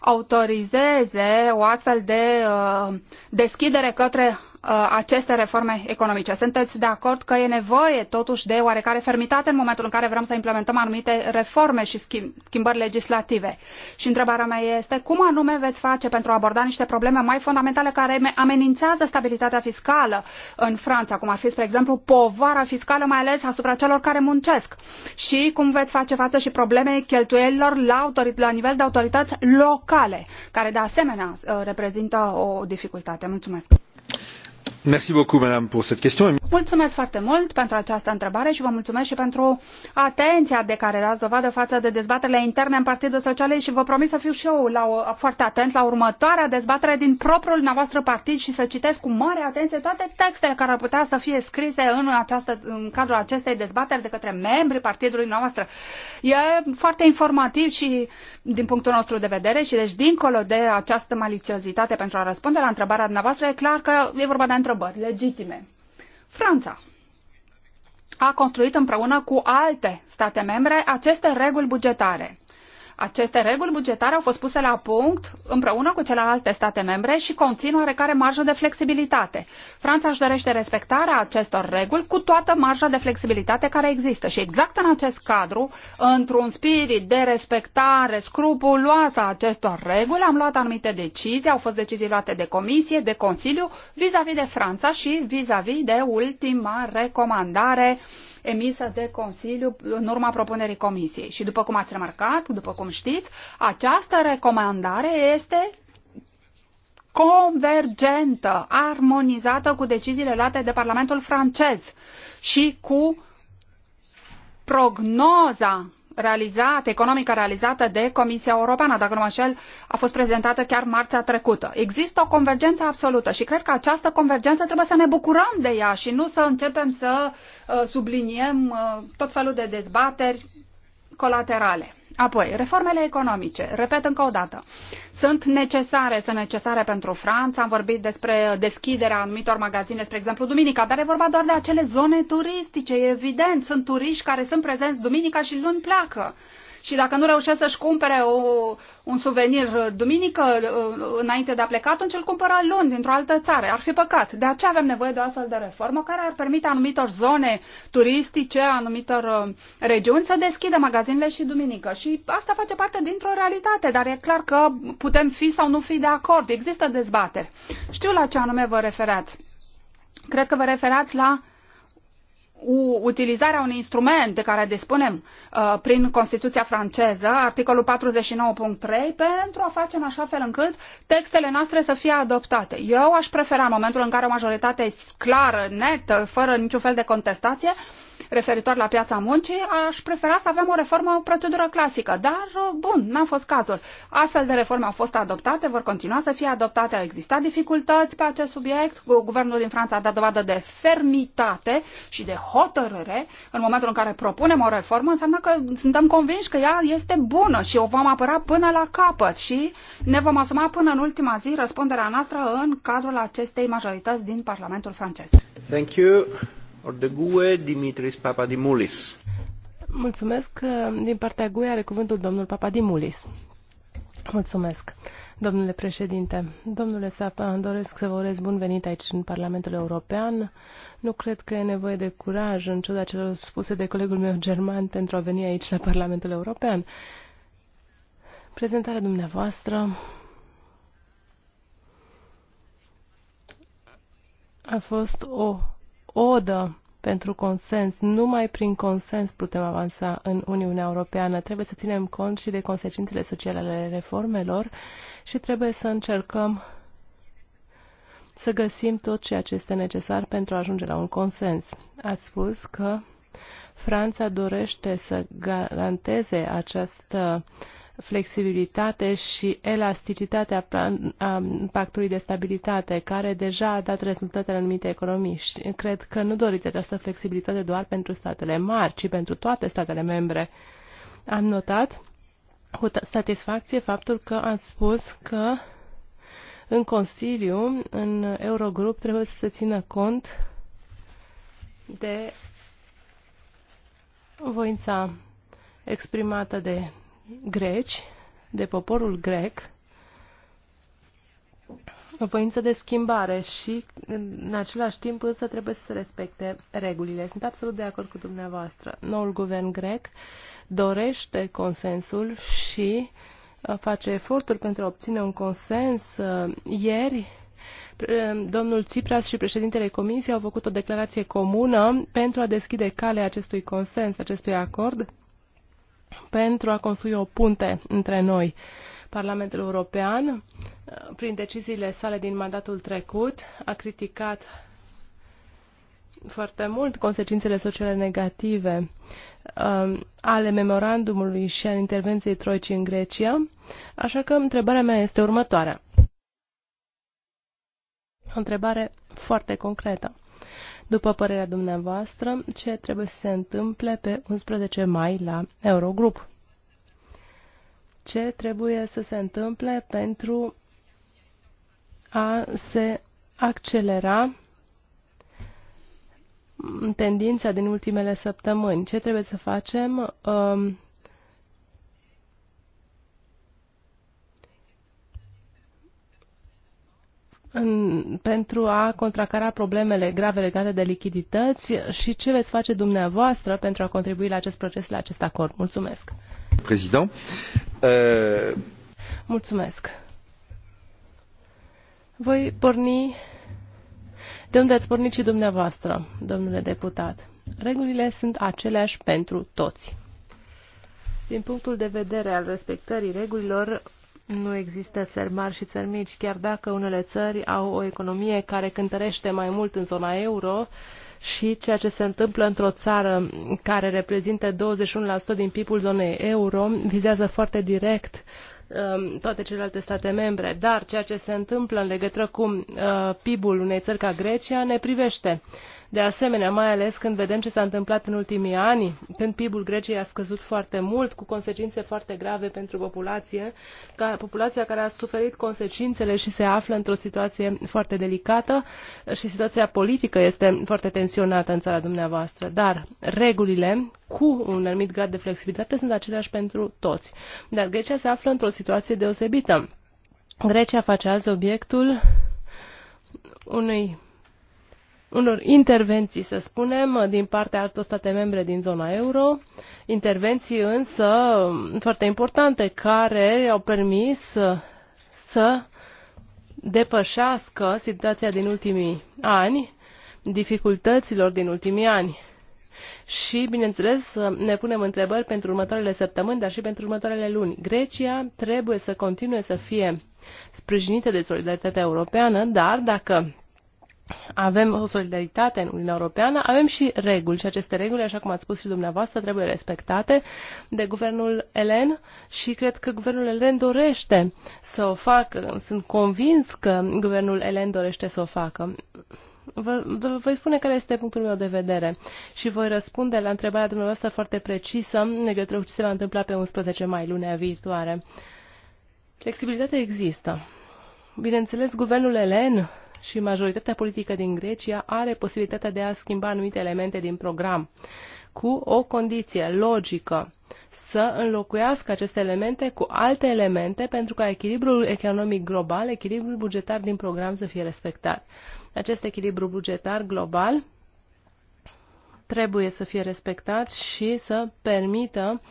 autorizeze o astfel de uh, deschidere către uh, aceste reforme economice. Sunteți de acord că e nevoie totuși de oarecare fermitate în momentul în care vrem să implementăm anumite reforme și schimbări legislative? Și întrebarea mea este cum anume veți face pentru a aborda niște probleme mai fundamentale care amenințează stabilitatea fiscală în Franța, cum ar fi, spre exemplu, povara fiscală, mai ales asupra celor care muncesc? Și cum veți face față și problemei cheltuielilor la, la nivel de autorități locale? locale, care de asemenea uh, reprezintă o dificultate. Mulțumesc! Mulțumesc foarte mult pentru această întrebare și vă mulțumesc și pentru atenția de care dați dovadă față de dezbaterile interne în Partidul Socialist și vă promit să fiu și eu la o, foarte atent la următoarea dezbatere din propriul noastră partid și să citesc cu mare atenție toate textele care ar putea să fie scrise în, această, în cadrul acestei dezbateri de către membrii partidului noastră. E foarte informativ și din punctul nostru de vedere și deci dincolo de această maliciozitate pentru a răspunde la întrebarea dumneavoastră, e clar că e vorba de întrebare întrebări legitime. Franța a construit împreună cu alte state membre aceste reguli bugetare. Aceste reguli bugetare au fost puse la punct împreună cu celelalte state membre și conțin oarecare marjă de flexibilitate. Franța își dorește respectarea acestor reguli cu toată marja de flexibilitate care există și exact în acest cadru, într-un spirit de respectare scrupuloasă a acestor reguli, am luat anumite decizii, au fost decizii luate de Comisie, de Consiliu, vis-a-vis -vis de Franța și vis-a-vis -vis de ultima recomandare uh, emisă de Consiliu în urma propunerii Comisiei. Și după cum ați remarcat, după cum știți, această recomandare este convergentă, armonizată cu deciziile luate de Parlamentul francez și cu prognoza realizat, economică realizată de Comisia Europeană, dacă nu mă înșel, a fost prezentată chiar marțea trecută. Există o convergență absolută și cred că această convergență trebuie să ne bucurăm de ea și nu să începem să uh, subliniem uh, tot felul de dezbateri colaterale. Apoi, reformele economice, repet încă o dată, sunt necesare, sunt necesare pentru Franța, am vorbit despre deschiderea anumitor magazine, spre exemplu, duminica, dar e vorba doar de acele zone turistice, e evident, sunt turiști care sunt prezenți duminica și luni pleacă și dacă nu reușește să-și cumpere o, un suvenir duminică înainte de a pleca, atunci îl cumpără luni dintr-o altă țară. Ar fi păcat. De aceea avem nevoie de o astfel de reformă care ar permite anumitor zone turistice, anumitor uh, regiuni să deschidă magazinele și duminică. Și asta face parte dintr-o realitate, dar e clar că putem fi sau nu fi de acord. Există dezbateri. Știu la ce anume vă referați. Cred că vă referați la utilizarea unui instrument de care dispunem uh, prin Constituția franceză, articolul 49.3, pentru a face în așa fel încât textele noastre să fie adoptate. Eu aș prefera, în momentul în care o majoritate clară, netă, fără niciun fel de contestație, uh, referitor la piața muncii, aș prefera să avem o reformă, o procedură clasică. Dar, uh, bun, n-a fost cazul. Astfel de reforme au fost adoptate, vor continua să fie adoptate. Au existat dificultăți pe acest subiect. Guvernul din Franța a dat dovadă de fermitate și de hotărâre. În momentul în care propunem o reformă, înseamnă că suntem convinși că ea este bună și o vom apăra până la capăt și ne vom asuma până în ultima zi răspunderea noastră în cadrul acestei majorități din Parlamentul francez. Thank you. Or Dimitris Papadimoulis. Mulțumesc. Din partea GUE are cuvântul domnul Papadimoulis. Mulțumesc. Domnule președinte, domnule Sapa, doresc să vă urez bun venit aici în Parlamentul European. Nu cred că e nevoie de curaj, în ciuda celor spuse de colegul meu german, pentru a veni aici la Parlamentul European. Prezentarea dumneavoastră a fost o odă pentru consens. Numai prin consens putem avansa în Uniunea Europeană. Trebuie să ținem cont și de consecințele sociale ale reformelor și trebuie să încercăm să găsim tot ceea ce este necesar pentru a ajunge la un consens. Ați spus că Franța dorește să garanteze această uh, flexibilitate și elasticitatea pactului de stabilitate, care deja a dat rezultate în anumite economii. Și cred că nu doriți această flexibilitate doar pentru statele mari, ci pentru toate statele membre. Am notat cu satisfacție faptul că ați spus că în Consiliu, în Eurogrup, trebuie să se țină cont de voința exprimată de greci, de poporul grec, o voință de schimbare și, în același timp, însă trebuie să se respecte regulile. Sunt absolut de acord cu dumneavoastră. Noul guvern grec dorește consensul și uh, face eforturi pentru a obține un consens. Uh, ieri, uh, domnul Tsipras și președintele Comisiei au făcut o declarație comună pentru a deschide calea acestui consens, acestui acord pentru a construi o punte între noi. Parlamentul European, prin deciziile sale din mandatul trecut, a criticat foarte mult consecințele sociale negative uh, ale memorandumului și al intervenției troicii în Grecia, așa că întrebarea mea este următoarea. O întrebare foarte concretă după părerea dumneavoastră, ce trebuie să se întâmple pe 11 mai la Eurogrup? Ce trebuie să se întâmple pentru a se accelera tendința din ultimele săptămâni? Ce trebuie să facem um, în, pentru a contracara problemele grave legate de lichidități și ce veți face dumneavoastră pentru a contribui la acest proces, la acest acord. Mulțumesc. Prezident. Uh... Mulțumesc. Voi porni de unde ați pornit și dumneavoastră, domnule deputat. Regulile sunt aceleași pentru toți. Din punctul de vedere al respectării regulilor, nu există țări mari și țări mici, chiar dacă unele țări au o economie care cântărește mai mult în zona euro și ceea ce se întâmplă într-o țară care reprezintă 21% din PIB-ul zonei euro vizează foarte direct um, toate celelalte state membre, dar ceea ce se întâmplă în legătură cu uh, PIB-ul unei țări ca Grecia ne privește. De asemenea, mai ales când vedem ce s-a întâmplat în ultimii ani, când PIB-ul Greciei a scăzut foarte mult, cu consecințe foarte grave pentru populație, ca populația care a suferit consecințele și se află într-o situație foarte delicată și situația politică este foarte tensionată în țara dumneavoastră. Dar regulile cu un anumit grad de flexibilitate sunt aceleași pentru toți. Dar Grecia se află într-o situație deosebită. Grecia face azi obiectul unui unor intervenții, să spunem, din partea altor state membre din zona euro, intervenții însă foarte importante care au permis să depășească situația din ultimii ani, dificultăților din ultimii ani. Și, bineînțeles, ne punem întrebări pentru următoarele săptămâni, dar și pentru următoarele luni. Grecia trebuie să continue să fie sprijinită de solidaritatea europeană, dar dacă avem o solidaritate în Uniunea Europeană, avem și reguli și aceste reguli, așa cum ați spus și dumneavoastră, trebuie respectate de guvernul elen și cred că guvernul elen dorește să o facă. Sunt convins că guvernul elen dorește să o facă. Vă, voi spune care este punctul meu de vedere și voi răspunde la întrebarea dumneavoastră foarte precisă în legătură cu ce se va întâmpla pe 11 mai, lunea viitoare. Flexibilitatea există. Bineînțeles, guvernul elen și majoritatea politică din Grecia are posibilitatea de a schimba anumite elemente din program cu o condiție logică să înlocuiască aceste elemente cu alte elemente pentru ca echilibrul economic global, echilibrul bugetar din program să fie respectat. Acest echilibru bugetar global trebuie să fie respectat și să permită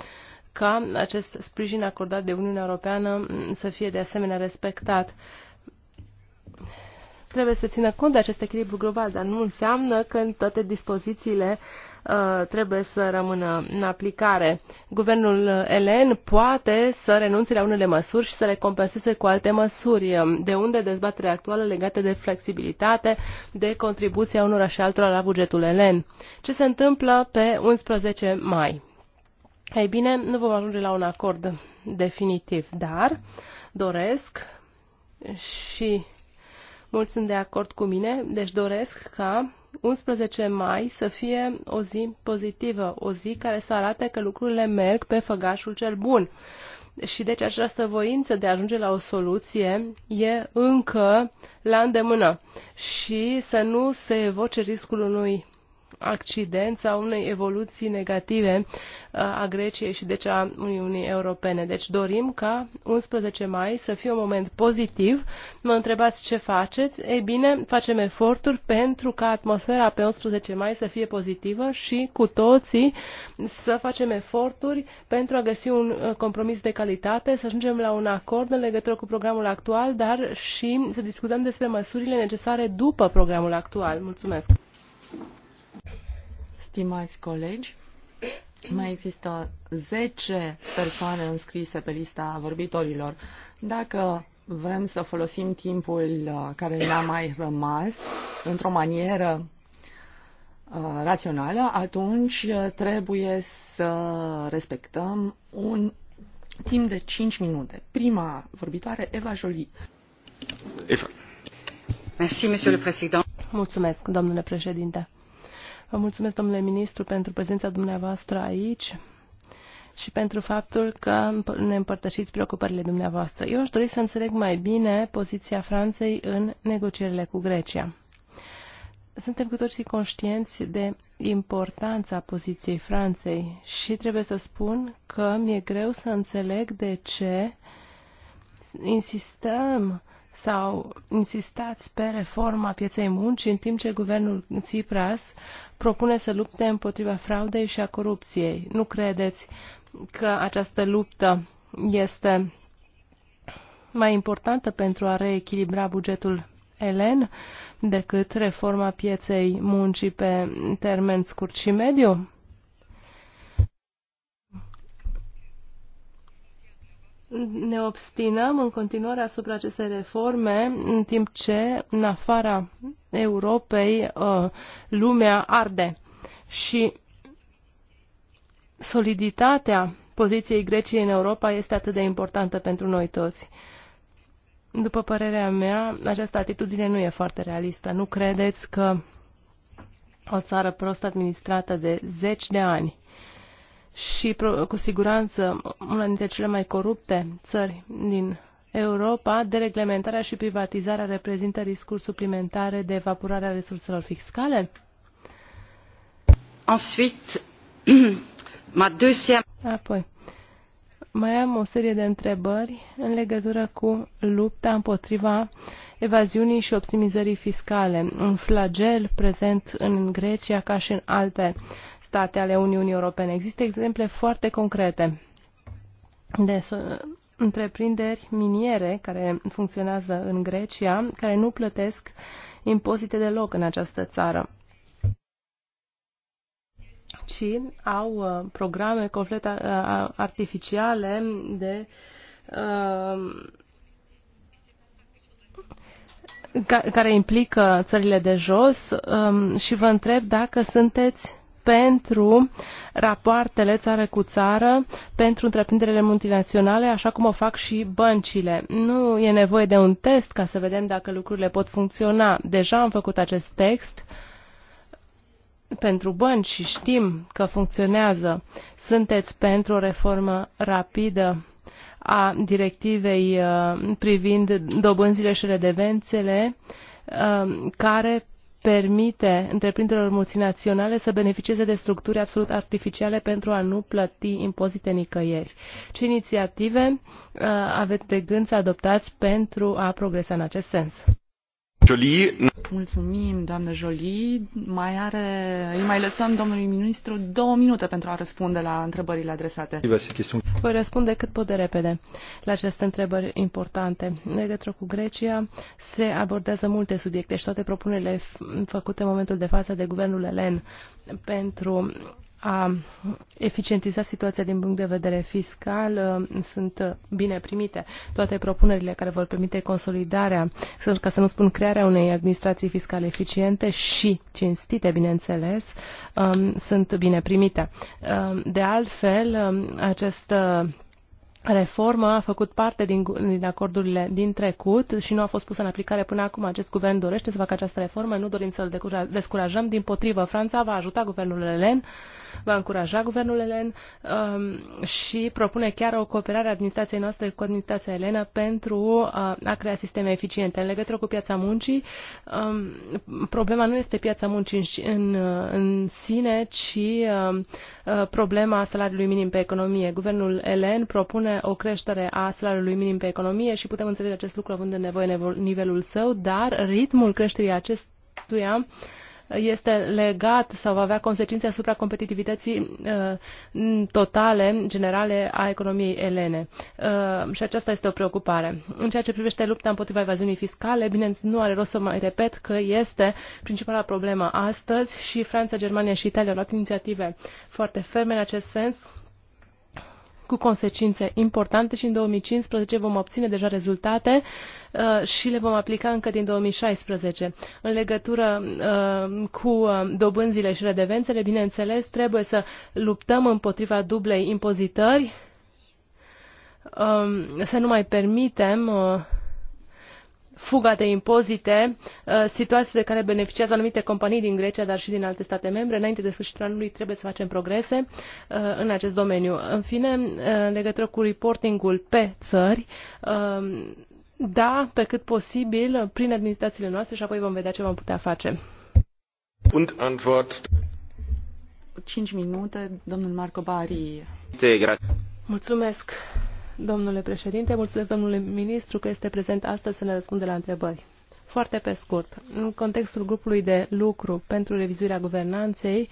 ca acest sprijin acordat de Uniunea Europeană să fie de asemenea respectat trebuie să țină cont de acest echilibru global, dar nu înseamnă că în toate dispozițiile uh, trebuie să rămână în aplicare. Guvernul uh, elen poate să renunțe la unele măsuri și să le compenseze cu alte măsuri, um, de unde dezbaterea actuală legată de flexibilitate, de contribuția unora și altora la bugetul elen. Ce se întâmplă pe 11 mai? Ei bine, nu vom ajunge la un acord definitiv, dar doresc și Mulți sunt de acord cu mine, deci doresc ca 11 mai să fie o zi pozitivă, o zi care să arate că lucrurile merg pe făgașul cel bun. Și deci această voință de a ajunge la o soluție e încă la îndemână și să nu se evoce riscul unui accident sau unei evoluții negative uh, a Greciei și deci a Uniunii Europene. Deci dorim ca 11 mai să fie un moment pozitiv. Mă întrebați ce faceți? Ei bine, facem eforturi pentru ca atmosfera pe 11 mai să fie pozitivă și cu toții să facem eforturi pentru a găsi un uh, compromis de calitate, să ajungem la un acord în legătură cu programul actual, dar și să discutăm despre măsurile necesare după programul actual. Mulțumesc! Stimați colegi, mai există 10 persoane înscrise pe lista vorbitorilor. Dacă vrem să folosim timpul uh, care ne-a mai rămas într-o manieră uh, rațională, atunci uh, trebuie să respectăm un timp de 5 minute. Prima vorbitoare, Eva Jolie. Eva. Merci, Mulțumesc, domnule președinte. Vă mulțumesc, domnule ministru, pentru prezența dumneavoastră aici și pentru faptul că ne împărtășiți preocupările dumneavoastră. Eu aș dori să înțeleg mai bine poziția Franței în negocierile cu Grecia. Suntem cu toții conștienți de importanța poziției Franței și trebuie să spun că mi-e greu să înțeleg de ce insistăm sau insistați pe reforma pieței muncii, în timp ce guvernul Tsipras propune să lupte împotriva fraudei și a corupției. Nu credeți că această luptă este mai importantă pentru a reechilibra bugetul elen decât reforma pieței muncii pe termen scurt și mediu? ne obstinăm în continuare asupra acestei reforme, în timp ce în afara Europei uh, lumea arde. Și soliditatea poziției Greciei în Europa este atât de importantă pentru noi toți. După părerea mea, această atitudine nu e foarte realistă. Nu credeți că o țară prost administrată de zeci de ani și cu siguranță una dintre cele mai corupte țări din Europa, dereglementarea și privatizarea reprezintă riscuri suplimentare de evaporare a resurselor fiscale? Ensuite, ma deuxième... Apoi, mai am o serie de întrebări în legătură cu lupta împotriva evaziunii și optimizării fiscale, un flagel prezent în Grecia ca și în alte uh, state ale Uniunii Europene. Există exemple foarte concrete de întreprinderi miniere care funcționează în Grecia, care nu plătesc impozite deloc în această țară ci au uh, programe complet uh, artificiale de uh, ca, care implică țările de jos um, și vă întreb dacă sunteți pentru rapoartele țară cu țară, pentru întreprinderile multinaționale, așa cum o fac și băncile. Nu e nevoie de un test ca să vedem dacă lucrurile pot funcționa. Deja am făcut acest text pentru bănci și știm că funcționează. Sunteți pentru o reformă rapidă a directivei uh, privind dobânzile și redevențele uh, care permite întreprinderilor multinaționale să beneficieze de structuri absolut artificiale pentru a nu plăti impozite nicăieri. Ce inițiative uh, aveți de gând să adoptați pentru a progresa în acest sens? Jolie. Mulțumim, doamnă Jolie. Mai are, îi mai lăsăm domnului ministru două minute pentru a răspunde la întrebările adresate. Voi răspunde cât pot de repede la aceste întrebări importante. În legătură cu Grecia, se abordează multe subiecte și toate propunerile făcute în momentul de față de guvernul Elen pentru a eficientiza situația din punct de vedere fiscal uh, sunt bine primite. Toate propunerile care vor permite consolidarea, ca să nu spun crearea unei administrații fiscale eficiente și cinstite, bineînțeles, um, sunt bine primite. Um, de altfel, um, această reformă a făcut parte din, din acordurile din trecut și nu a fost pusă în aplicare până acum. Acest guvern dorește să facă această reformă, nu dorim să-l descurajăm. Din potrivă, Franța va ajuta guvernul elen uh, va încuraja guvernul elen um, și propune chiar o cooperare a administrației noastre cu administrația elenă pentru uh, a crea sisteme eficiente. În legătură cu piața muncii, um, problema nu este piața muncii în, în, uh, în sine, ci um, uh, problema salariului minim pe economie. Guvernul elen propune o creștere a salariului minim pe economie și putem înțelege acest lucru având în nevoie nivelul său, dar ritmul creșterii acestuia este legat sau va avea consecințe asupra competitivității uh, totale, generale a economiei elene. Uh, și aceasta este o preocupare. În ceea ce privește lupta împotriva evaziunii fiscale, bine, nu are rost să mai repet că este principala problemă astăzi și Franța, Germania și Italia au luat inițiative foarte ferme în acest sens cu consecințe importante și în 2015 vom obține deja rezultate uh, și le vom aplica încă din 2016. În legătură uh, cu uh, dobânzile și redevențele, bineînțeles, trebuie să luptăm împotriva dublei impozitări, um, să nu mai permitem fuga de impozite, uh, situații de care beneficiază anumite companii din Grecia, dar și din alte state membre. Înainte de sfârșitul anului trebuie să facem progrese uh, în acest domeniu. În fine, uh, în legătură cu ul pe țări, da, pe cât posibil, prin administrațiile noastre și apoi vom vedea ce vom putea face. Und antwort. 5 minute, domnul Marco Bari. Mulțumesc domnule președinte, mulțumesc domnului ministru că este prezent astăzi să ne răspundă la întrebări. Foarte pe scurt, în contextul grupului de lucru pentru revizuirea guvernanței,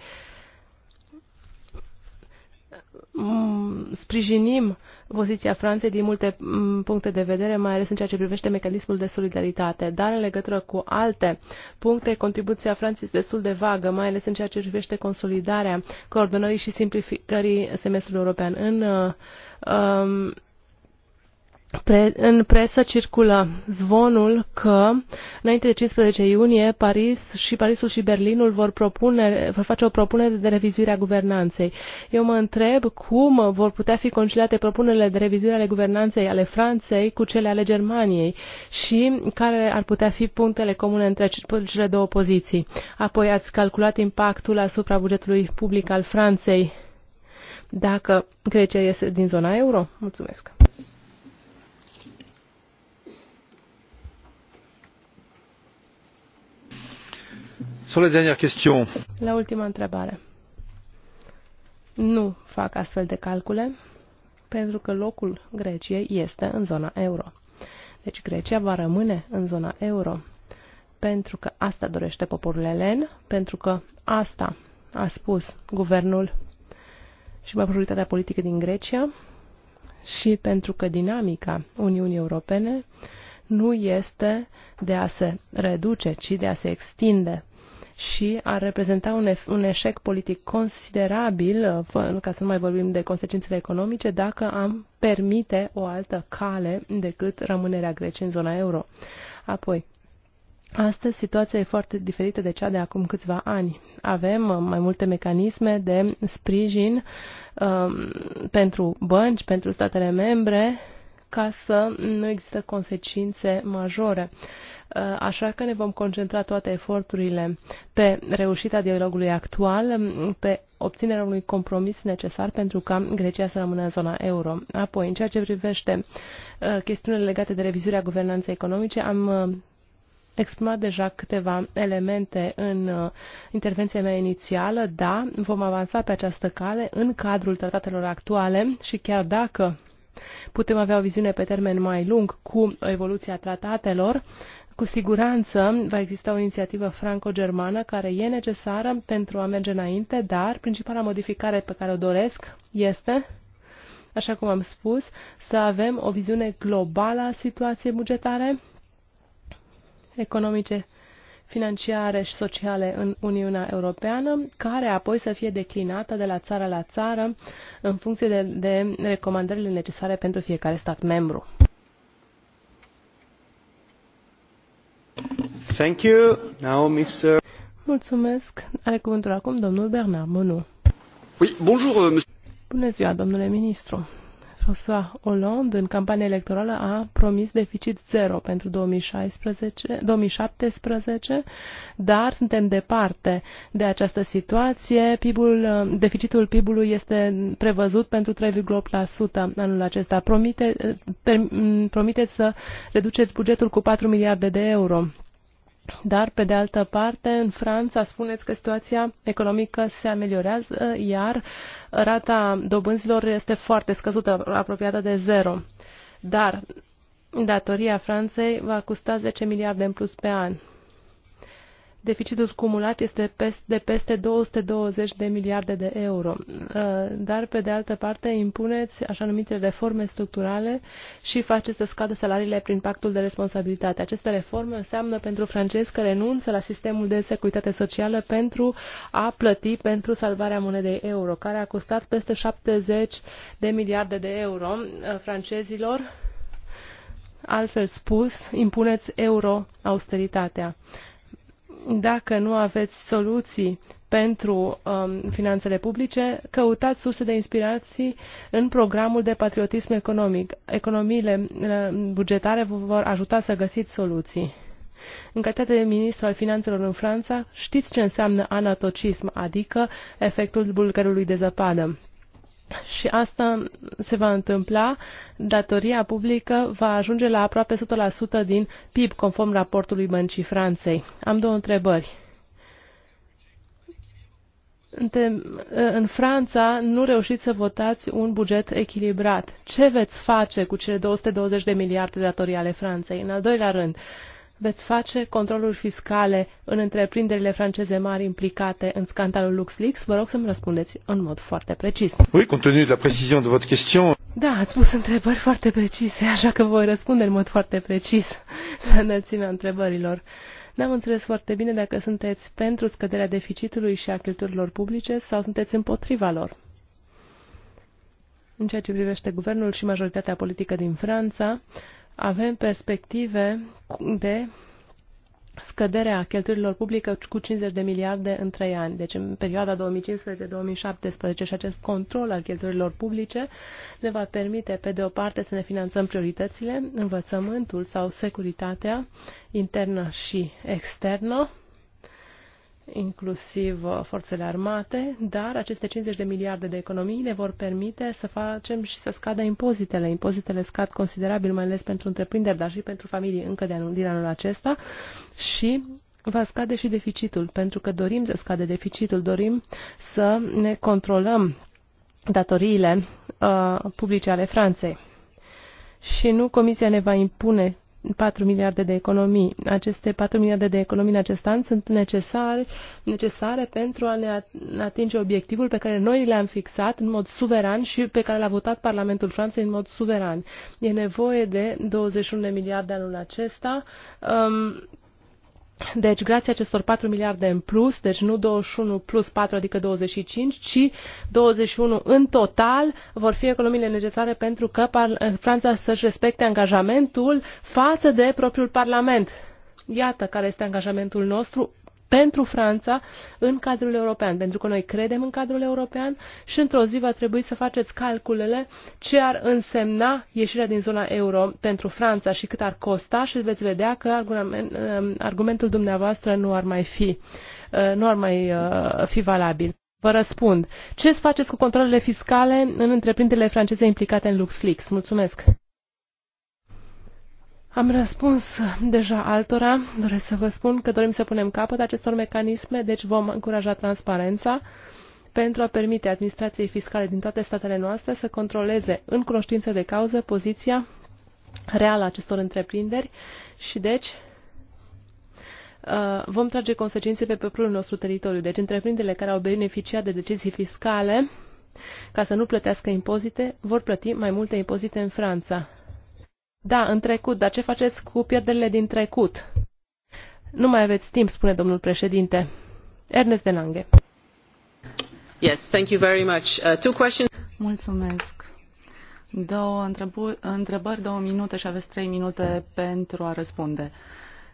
sprijinim poziția Franței din multe puncte de vedere, mai ales în ceea ce privește mecanismul de solidaritate, dar în legătură cu alte puncte, contribuția Franței este destul de vagă, mai ales în ceea ce privește consolidarea, coordonării și simplificării semestrului european. În uh, um, Pre- în presă circulă zvonul că înainte de 15 iunie Paris și Parisul și Berlinul vor, propune, vor face o propunere de revizuire a guvernanței. Eu mă întreb cum vor putea fi conciliate propunerile de revizuire ale guvernanței ale Franței cu cele ale Germaniei și care ar putea fi punctele comune între cele două poziții. Apoi ați calculat impactul asupra bugetului public al Franței dacă Grecia este din zona euro? Mulțumesc! la La ultima întrebare. Nu fac astfel de calcule pentru că locul Greciei este în zona euro. Deci Grecia va rămâne în zona euro pentru că asta dorește poporul elen, pentru că asta a spus guvernul și majoritatea politică din Grecia și pentru că dinamica Uniunii Europene nu este de a se reduce, ci de a se extinde și ar reprezenta un, un eșec politic considerabil, uh, ca să nu mai vorbim de consecințele economice, dacă am permite o altă cale decât rămânerea Greciei în zona euro. Apoi, Astăzi situația e foarte diferită de cea de acum câțiva ani. Avem uh, mai multe mecanisme de sprijin um, pentru bănci, pentru statele membre, ca să nu există consecințe majore. Uh, așa că ne vom concentra toate eforturile pe reușita dialogului actual, um, pe obținerea unui compromis necesar pentru ca Grecia să rămână în zona euro. Apoi, în ceea ce privește uh, chestiunile legate de revizuirea guvernanței economice, am uh, exprimat deja câteva elemente în intervenția mea inițială, da, vom avansa pe această cale în cadrul tratatelor actuale și chiar dacă putem avea o viziune pe termen mai lung cu evoluția tratatelor, cu siguranță va exista o inițiativă franco-germană care e necesară pentru a merge înainte, dar principala modificare pe care o doresc este, așa cum am spus, să avem o viziune globală a situației bugetare, economice, financiare și sociale în Uniunea Europeană, care apoi să fie declinată de la țară la țară în funcție de, de recomandările necesare pentru fiecare stat membru. Thank you. Now, Mr. Mulțumesc. Are cuvântul acum domnul Bernard Monu. Oui, bonjour, euh, monsieur. Bună ziua, domnule ministru. François Hollande, în campania electorală, a promis deficit zero pentru 2016, 2017, dar suntem departe de această situație. PIB-ul, deficitul PIB-ului este prevăzut pentru 3,8% anul acesta. Promite, eh, per, promiteți să reduceți bugetul cu 4 miliarde de euro dar, pe de altă parte, în Franța spuneți că situația economică se ameliorează, iar rata dobânzilor este foarte scăzută, apropiată de zero. Dar datoria Franței va costa 10 miliarde în plus pe an deficitul cumulat este de peste 220 de miliarde de euro. Uh, dar, pe de altă parte, impuneți așa numite reforme structurale și faceți să scadă salariile prin pactul de responsabilitate. Aceste reforme înseamnă pentru francezi că renunță la sistemul de securitate socială pentru a plăti pentru salvarea monedei euro, care a costat peste 70 de miliarde de euro uh, francezilor altfel spus, impuneți euro-austeritatea dacă nu aveți soluții pentru um, finanțele publice, căutați surse de inspirații în programul de patriotism economic. Economiile uh, bugetare vă vor ajuta să găsiți soluții. În calitate de ministru al finanțelor în Franța, știți ce înseamnă anatocism, adică efectul bulgărului de zăpadă. Și asta se va întâmpla, datoria publică va ajunge la aproape 100% din PIB, conform raportului Băncii Franței. Am două întrebări. În Franța nu reușiți să votați un buget echilibrat. Ce veți face cu cele 220 de miliarde de datorii ale Franței? În al doilea rând, veți face controluri fiscale în întreprinderile franceze mari implicate în scandalul LuxLeaks? Vă rog să-mi răspundeți în mod foarte precis. Oui, compte tenu de la precision de votre question. Da, ați pus întrebări foarte precise, așa că voi răspunde în mod foarte precis la înălțimea întrebărilor. N-am înțeles foarte bine dacă sunteți pentru scăderea deficitului și a cheltuielilor publice sau sunteți împotriva lor. În ceea ce privește guvernul și majoritatea politică din Franța, avem perspective de scăderea cheltuielilor publice cu 50 de miliarde în 3 ani. Deci în perioada 2015-2017 și acest control al cheltuielilor publice ne va permite, pe de o parte, să ne finanțăm prioritățile, învățământul sau securitatea internă și externă, inclusiv uh, forțele armate, dar aceste 50 de miliarde de economii ne vor permite să facem și să scadă impozitele. Impozitele scad considerabil, mai ales pentru întreprinderi, dar și pentru familii încă de anul, din anul acesta și va scade și deficitul, pentru că dorim să scade deficitul, dorim să ne controlăm datoriile uh, publice ale Franței. Și nu Comisia ne va impune 4 miliarde de economii. Aceste 4 miliarde de economii în acest an sunt necesare, necesare pentru a ne atinge obiectivul pe care noi le-am fixat în mod suveran și pe care l-a votat Parlamentul Franței în mod suveran. E nevoie de 21 de miliarde anul acesta. Um, deci, grație acestor 4 miliarde în plus, deci nu 21 plus 4, adică 25, ci 21 în total, vor fi economiile necesare pentru că Franța să-și respecte angajamentul față de propriul Parlament. Iată care este angajamentul nostru pentru Franța în cadrul european, pentru că noi credem în cadrul european și într-o zi va trebui să faceți calculele ce ar însemna ieșirea din zona euro pentru Franța și cât ar costa și veți vedea că um, argumentul dumneavoastră nu ar mai fi, uh, nu ar mai uh, fi valabil. Vă răspund. Ce faceți cu controlele fiscale în întreprinderile franceze implicate în LuxLeaks? Mulțumesc! Am răspuns deja altora. Doresc să vă spun că dorim să punem capăt acestor mecanisme, deci vom încuraja transparența pentru a permite administrației fiscale din toate statele noastre să controleze în cunoștință de cauză poziția reală a acestor întreprinderi și deci uh, vom trage consecințe pe propriul nostru teritoriu. Deci întreprinderile care au beneficiat de decizii fiscale ca să nu plătească impozite, vor plăti mai multe impozite în Franța. Da, în trecut, dar ce faceți cu pierderile din trecut? Nu mai aveți timp, spune domnul președinte. Ernest de Lange. Yes, thank you very much. Uh, two questions. Mulțumesc. Două întrebări, două minute și aveți trei minute pentru a răspunde.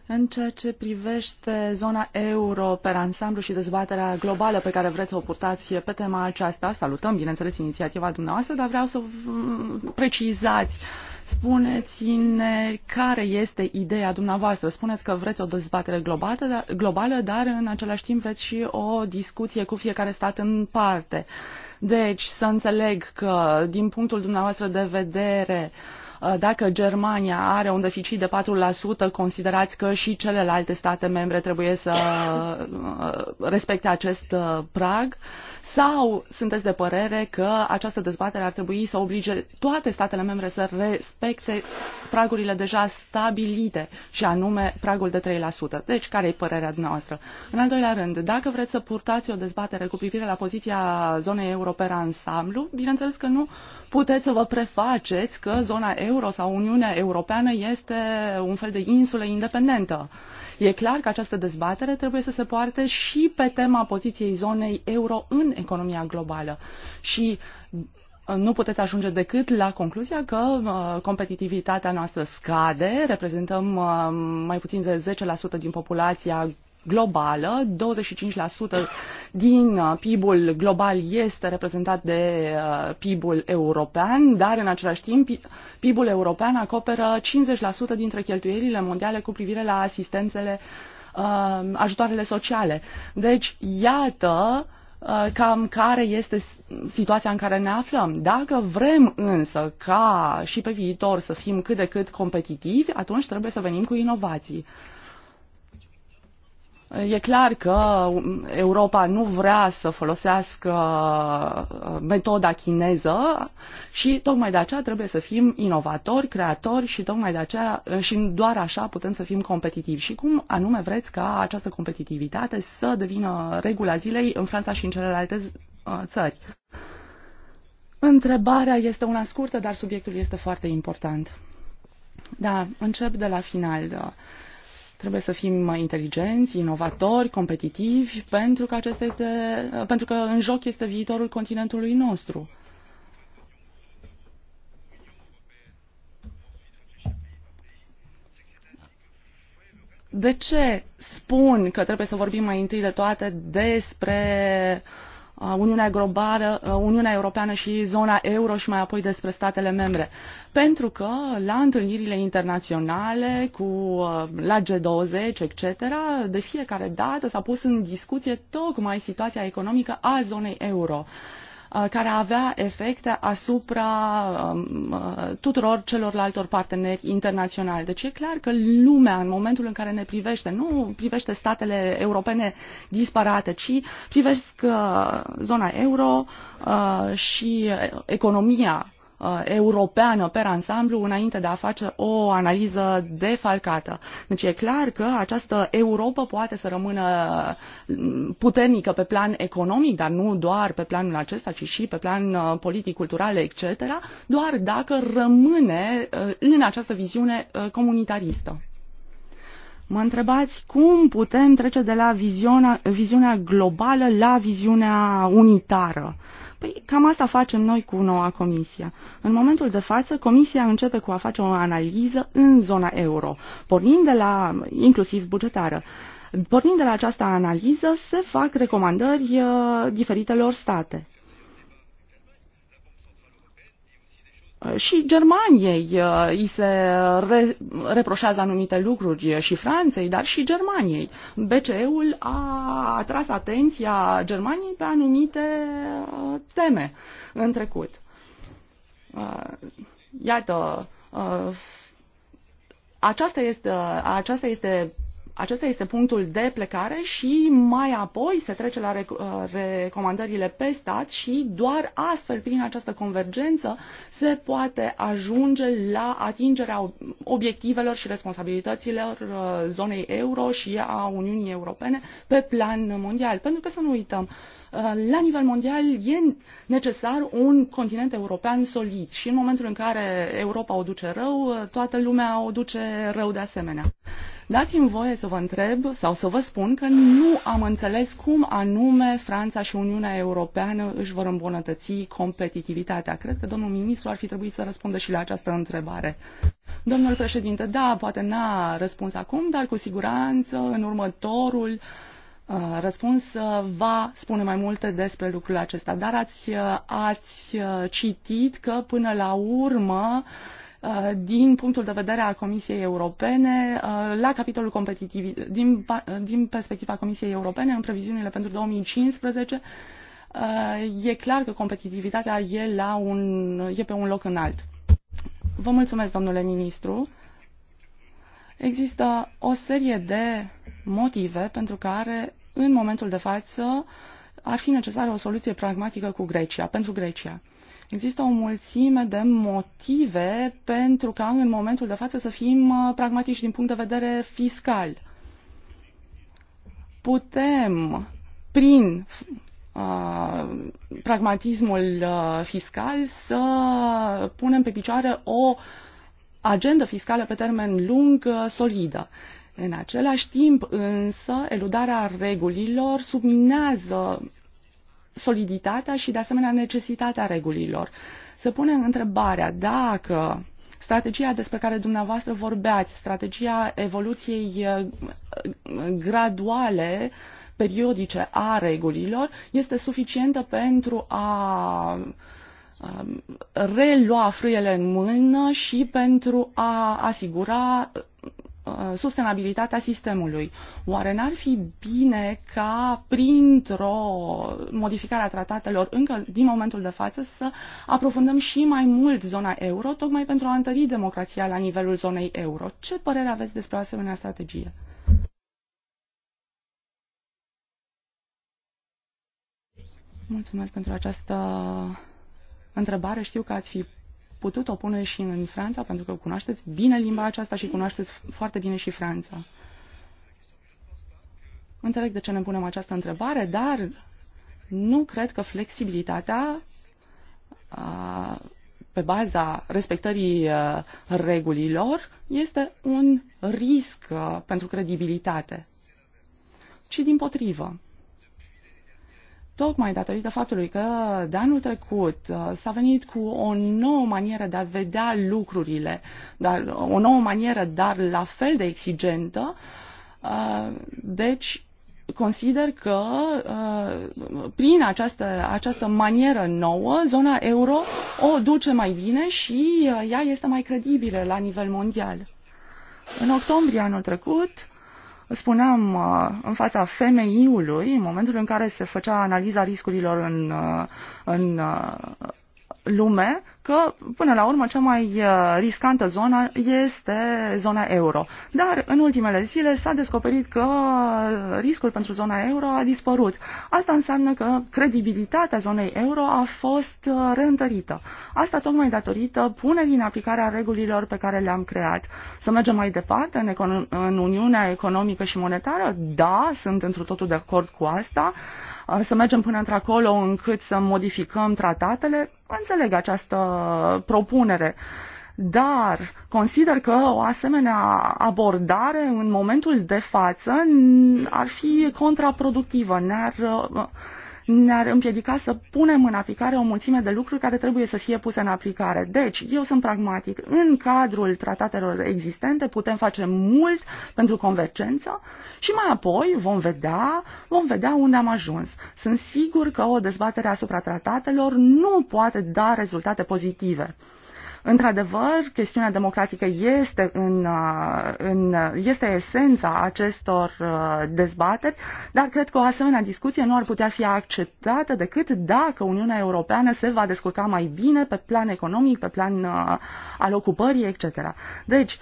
În ceea ce privește zona euro per ansamblu și dezbaterea globală pe care vreți să o purtați pe tema aceasta, salutăm, bineînțeles, inițiativa dumneavoastră, dar vreau să precizați uh, Spuneți-ne care este ideea dumneavoastră. Spuneți că vreți o dezbatere globală, dar în același timp vreți și o discuție cu fiecare stat în parte. Deci, să înțeleg că, din punctul dumneavoastră de vedere, uh, Uh, dacă Germania are un deficit de 4%, considerați că și celelalte state membre trebuie să uh, respecte acest uh, prag? Sau sunteți de părere că această dezbatere ar trebui să oblige toate statele membre să respecte pragurile deja stabilite și anume pragul de 3%? Deci, care e părerea dumneavoastră? În al doilea rând, dacă vreți să purtați o dezbatere cu privire la poziția zonei europene în ansamblu, bineînțeles că nu puteți să vă prefaceți că zona euro sau Uniunea Europeană este un fel de insulă independentă. E clar că această dezbatere trebuie să se poarte și pe tema poziției zonei euro în economia globală. Și uh, nu puteți ajunge decât la concluzia că uh, competitivitatea noastră scade, reprezentăm uh, mai puțin de 10% din populația globală, 25% din uh, PIB-ul global este reprezentat de uh, PIB-ul european, dar în același timp PIB-ul european acoperă 50% dintre cheltuielile mondiale cu privire la asistențele, uh, ajutoarele sociale. Deci, iată cam care este situația în care ne aflăm. Dacă vrem însă ca și pe viitor să fim cât de cât competitivi, atunci trebuie să venim cu inovații. E clar că Europa nu vrea să folosească uh, metoda chineză și tocmai de aceea trebuie să fim inovatori, creatori și tocmai de aceea uh, și doar așa putem să fim competitivi. Și cum anume vreți ca această competitivitate să devină regula zilei în Franța și în celelalte uh, țări? Întrebarea este una scurtă, dar subiectul este foarte important. Da, încep de la final. Trebuie să fim mai inteligenți, inovatori, competitivi, pentru că, acesta este, pentru că în joc este viitorul continentului nostru. De ce spun că trebuie să vorbim mai întâi de toate despre uh, Uniunea, Globală, Uniunea Europeană și zona euro și mai apoi despre statele membre. Pentru că la întâlnirile internaționale, cu, uh, la G20, etc., de fiecare dată s-a pus în discuție tocmai situația economică a zonei euro. Uh, care avea efecte asupra um, uh, tuturor celorlaltor parteneri internaționali. Deci e clar că lumea, în momentul în care ne privește, nu privește statele europene disparate, ci privesc uh, zona euro și economia Uh, europeană pe ansamblu înainte de a face o analiză defalcată. Deci e clar că această Europa poate să rămână uh, puternică pe plan economic, dar nu doar pe planul acesta, ci și pe plan uh, politic, cultural, etc., doar dacă rămâne în această viziune comunitaristă. Mă întrebați cum putem trece de la viziunea, viziunea globală la viziunea unitară. Uh, Păi cam asta facem noi cu noua comisie. În momentul de față, comisia începe cu a face o analiză în zona euro, pornind de la, inclusiv bugetară. Pornind de la această analiză, se fac recomandări uh, diferitelor state. și Germaniei îi uh, se re, reproșează anumite lucruri și Franței, dar și Germaniei. BCE-ul a atras atenția Germaniei pe anumite uh, teme în trecut. Uh, iată, aceasta este, aceasta este acesta este punctul de plecare și mai apoi se trece la uh, recomandările pe stat și doar astfel, prin această convergență, se poate ajunge la atingerea obiectivelor și responsabilităților uh, zonei euro și a Uniunii Europene pe plan mondial. Pentru că să nu uităm, uh, la nivel mondial e necesar un continent european solid și în momentul în care Europa o duce rău, toată lumea o duce rău de asemenea. Dați-mi voie să vă întreb sau să vă spun că nu am înțeles cum anume Franța și Uniunea Europeană își vor îmbunătăți competitivitatea. Cred că domnul ministru ar fi trebuit să răspundă și la această întrebare. Domnul președinte, da, poate n-a răspuns acum, dar cu siguranță în următorul uh, răspuns uh, va spune mai multe despre lucrul acesta, dar ați, uh, ați citit că până la urmă Uh, din punctul de vedere al Comisiei Europene uh, la capitolul competitiv din, din perspectiva Comisiei Europene în previziunile pentru 2015 uh, e clar că competitivitatea e, la un, e pe un loc înalt. Vă mulțumesc, domnule ministru. Există o serie de motive pentru care, în momentul de față, ar fi necesară o soluție pragmatică cu Grecia, pentru Grecia. Există o mulțime de motive pentru ca în momentul de față să fim uh, pragmatici din punct de vedere fiscal. Putem, prin uh, pragmatismul uh, fiscal să punem pe picioare o agendă fiscală pe termen lung solidă. În același timp, însă, eludarea regulilor subminează soliditatea și, de asemenea, necesitatea regulilor. Să punem întrebarea dacă strategia despre care dumneavoastră vorbeați, strategia evoluției eh, graduale, periodice a regulilor, este suficientă pentru a eh, relua frâiele în mână și pentru a asigura Uh, sustenabilitatea sistemului. Oare n-ar fi bine ca printr-o modificare a tratatelor încă din momentul de față să aprofundăm și mai mult zona euro, tocmai pentru a întări democrația la nivelul zonei euro? Ce părere aveți despre o asemenea strategie? Mulțumesc pentru această întrebare. Știu că ați fi putut o pune și în Franța, pentru că cunoașteți bine limba aceasta și cunoașteți foarte bine și Franța. Înțeleg de ce ne punem această întrebare, dar nu cred că flexibilitatea a, pe baza respectării a, regulilor este un risc a, pentru credibilitate, Și din potrivă tocmai datorită faptului că de anul trecut uh, s-a venit cu o nouă manieră de a vedea lucrurile, dar o nouă manieră, dar la fel de exigentă, uh, deci consider că uh, prin această, această manieră nouă, zona euro o duce mai bine și ea este mai credibilă la nivel mondial. În octombrie anul trecut, spuneam, uh, în fața femeiului, în momentul în care se făcea analiza riscurilor în, uh, în uh, lume, că, până la urmă, cea mai uh, riscantă zonă este zona euro. Dar, în ultimele zile, s-a descoperit că uh, riscul pentru zona euro a dispărut. Asta înseamnă că credibilitatea zonei euro a fost uh, reîntărită. Asta tocmai datorită punerii în aplicare a regulilor pe care le-am creat. Să mergem mai departe în, econ- în Uniunea Economică și Monetară? Da, sunt într totul de acord cu asta. Să mergem până într-acolo încât să modificăm tratatele? Înțeleg această Uh, propunere dar consider că o asemenea abordare în momentul de față ar fi contraproductivă, ne-ar uh, ne-ar împiedica să punem în aplicare o mulțime de lucruri care trebuie să fie puse în aplicare. Deci, eu sunt pragmatic. În cadrul tratatelor existente putem face mult pentru convergență și mai apoi vom vedea, vom vedea unde am ajuns. Sunt sigur că o dezbatere asupra tratatelor nu poate da rezultate pozitive. Într-adevăr, chestiunea democratică este, în, uh, în, uh, este esența acestor uh, dezbateri, dar cred că o asemenea discuție nu ar putea fi acceptată decât dacă Uniunea Europeană se va descurca mai bine pe plan economic, pe plan al ocupării, etc. Deci,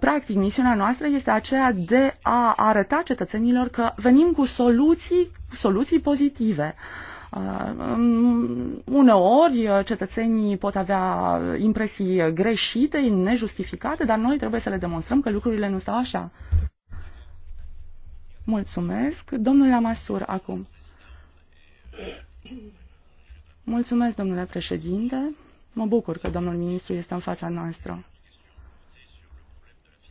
practic, misiunea noastră este aceea de a arăta cetățenilor că venim cu soluții, soluții pozitive. Uh, Uh, um, uneori uh, cetățenii pot avea impresii greșite, nejustificate, dar noi trebuie să le demonstrăm că lucrurile nu stau așa. Mulțumesc. Domnule Amasur, acum. Mulțumesc, domnule președinte. Mă bucur că domnul ministru este în fața noastră.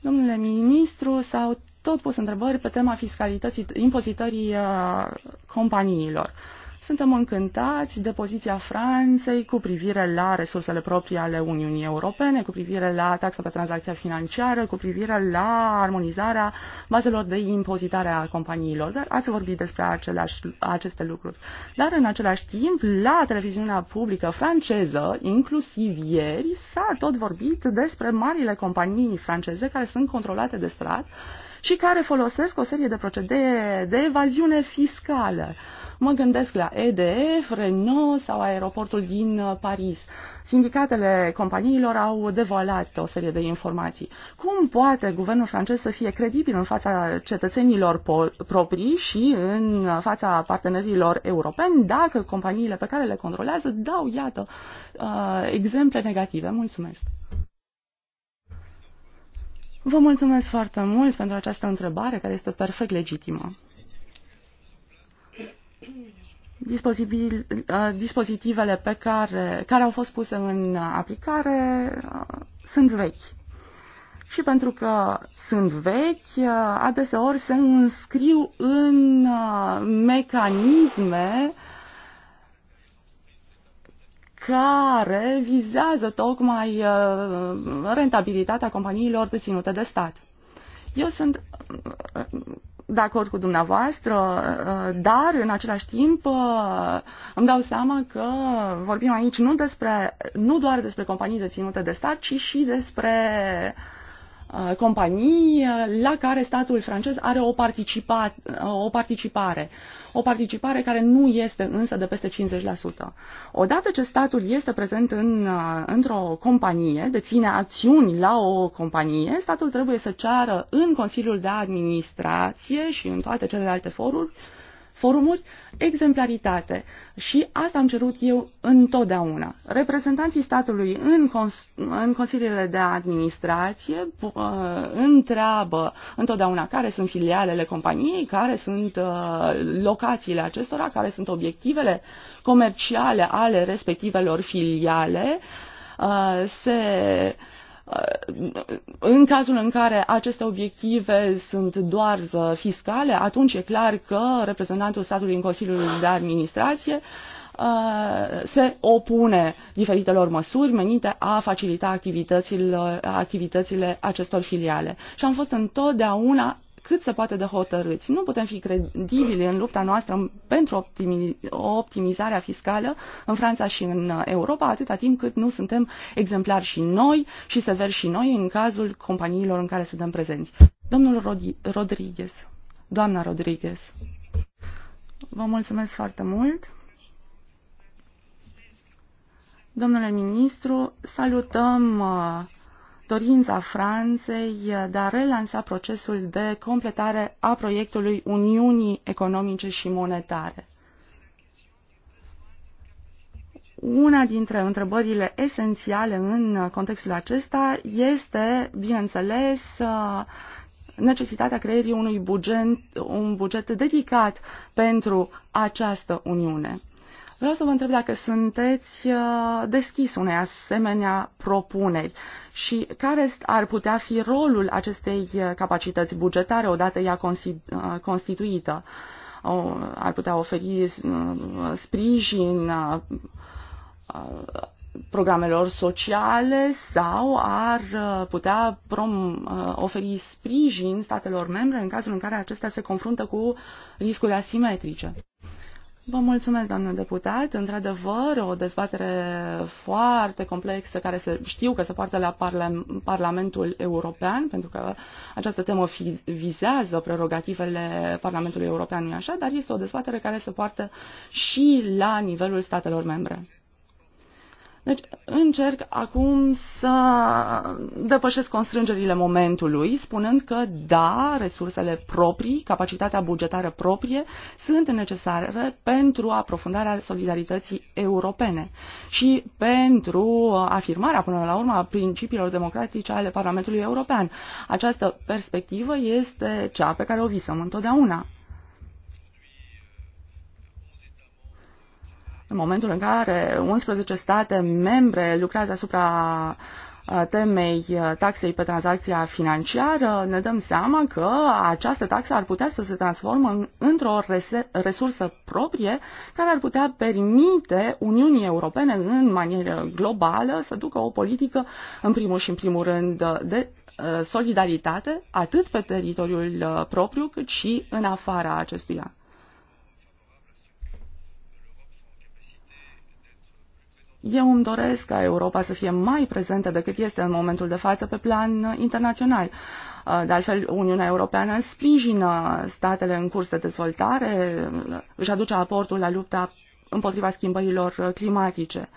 Domnule ministru, s-au tot pus întrebări pe tema fiscalității, impozitării uh, companiilor. Uh, suntem încântați de poziția Franței cu privire la resursele proprii ale Uniunii Europene, cu privire la taxa pe tranzacția financiară, cu privire la armonizarea bazelor de impozitare a companiilor. Dar ați vorbit despre aceleași, aceste lucruri. Dar în același timp, la televiziunea publică franceză, inclusiv ieri, s-a tot vorbit despre marile companii franceze care sunt controlate de stat și care folosesc o serie de procedee de evaziune fiscală. Mă gândesc la EDF, Renault sau aeroportul din Paris. Sindicatele companiilor au devoalat o serie de informații. Cum poate guvernul francez să fie credibil în fața cetățenilor proprii și în fața partenerilor europeni dacă companiile pe care le controlează dau, iată, uh, exemple negative? Mulțumesc! Vă mulțumesc foarte mult pentru această întrebare, care este perfect legitimă. Dispozitivele pe care, care au fost puse în aplicare sunt vechi. Și pentru că sunt vechi, adeseori se înscriu în mecanisme uh, care vizează tocmai uh, rentabilitatea companiilor deținute de stat. Eu sunt uh, de acord cu dumneavoastră, uh, dar în același timp îmi dau seama că vorbim aici nu, despre, nu doar despre companii deținute de stat, ci și despre uh, Uh, companii uh, la care statul francez are o, participa, uh, o participare. O participare care nu este însă de peste 50%. Odată ce statul este prezent în, într-o companie, deține acțiuni la o companie, statul trebuie să ceară în Consiliul de Administrație și în toate celelalte foruri forumuri exemplaritate. Și asta am cerut eu întotdeauna. Reprezentanții statului în, cons- în consiliile de administrație uh, întreabă întotdeauna care sunt filialele companiei, care sunt uh, locațiile acestora, care sunt obiectivele comerciale ale respectivelor filiale. Uh, se uh, în cazul în care aceste obiective sunt doar uh, fiscale, atunci e clar că reprezentantul statului în Consiliul de Administrație uh, se opune diferitelor măsuri menite a facilita activitățile, activitățile acestor filiale. Și am fost întotdeauna cât se poate de hotărâți. Nu putem fi credibili în lupta noastră pentru optimi- optimizarea fiscală în Franța și în uh, Europa atâta timp cât nu suntem exemplari și noi și severi și noi în cazul companiilor în care suntem prezenți. Domnul Rod- Rodriguez, doamna Rodriguez, vă mulțumesc foarte mult. Domnule ministru, salutăm uh, dorința Franței de a relansa procesul de completare a proiectului Uniunii Economice și Monetare. Una dintre întrebările esențiale în contextul acesta este, bineînțeles, necesitatea creierii unui buget, un buget dedicat pentru această Uniune. Vreau să vă întreb dacă sunteți uh, deschis unei asemenea propuneri și care ar putea fi rolul acestei uh, capacități bugetare odată ea uh, constituită. Ar putea oferi sprijin programelor sociale sau ar putea prom, oferi sprijin statelor membre în cazul în care acestea se confruntă cu riscuri asimetrice. Vă mulțumesc, doamnă deputat. Într-adevăr, o dezbatere foarte complexă care se, știu că se poartă la parla- Parlamentul European, pentru că această temă vizează prerogativele Parlamentului European, nu așa, dar este o dezbatere care se poartă și la nivelul statelor membre. Deci încerc acum să depășesc constrângerile momentului, spunând că da, resursele proprii, capacitatea bugetară proprie sunt necesare pentru aprofundarea solidarității europene și pentru afirmarea până la urmă a principiilor democratice ale Parlamentului European. Această perspectivă este cea pe care o visăm întotdeauna. În momentul în care 11 state membre lucrează asupra temei taxei pe tranzacția financiară, ne dăm seama că această taxă ar putea să se transformă într-o resursă proprie care ar putea permite Uniunii Europene în manieră globală să ducă o politică, în primul și în primul rând, de solidaritate, atât pe teritoriul propriu, cât și în afara acestuia. Eu îmi doresc ca Europa să fie mai prezentă decât este în momentul de față pe plan internațional. Uh, de altfel, Uniunea Europeană sprijină statele în curs de dezvoltare, își aduce aportul la lupta împotriva schimbărilor climatice.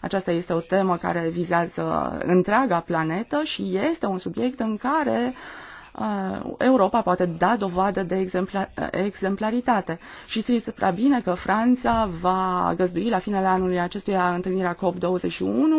Aceasta este o temă care vizează întreaga planetă și este un subiect în care uh, Uh, Europa poate da dovadă de uh, exemplaritate. Și știți prea bine că Franța va găzdui la finele anului acestuia întâlnirea COP21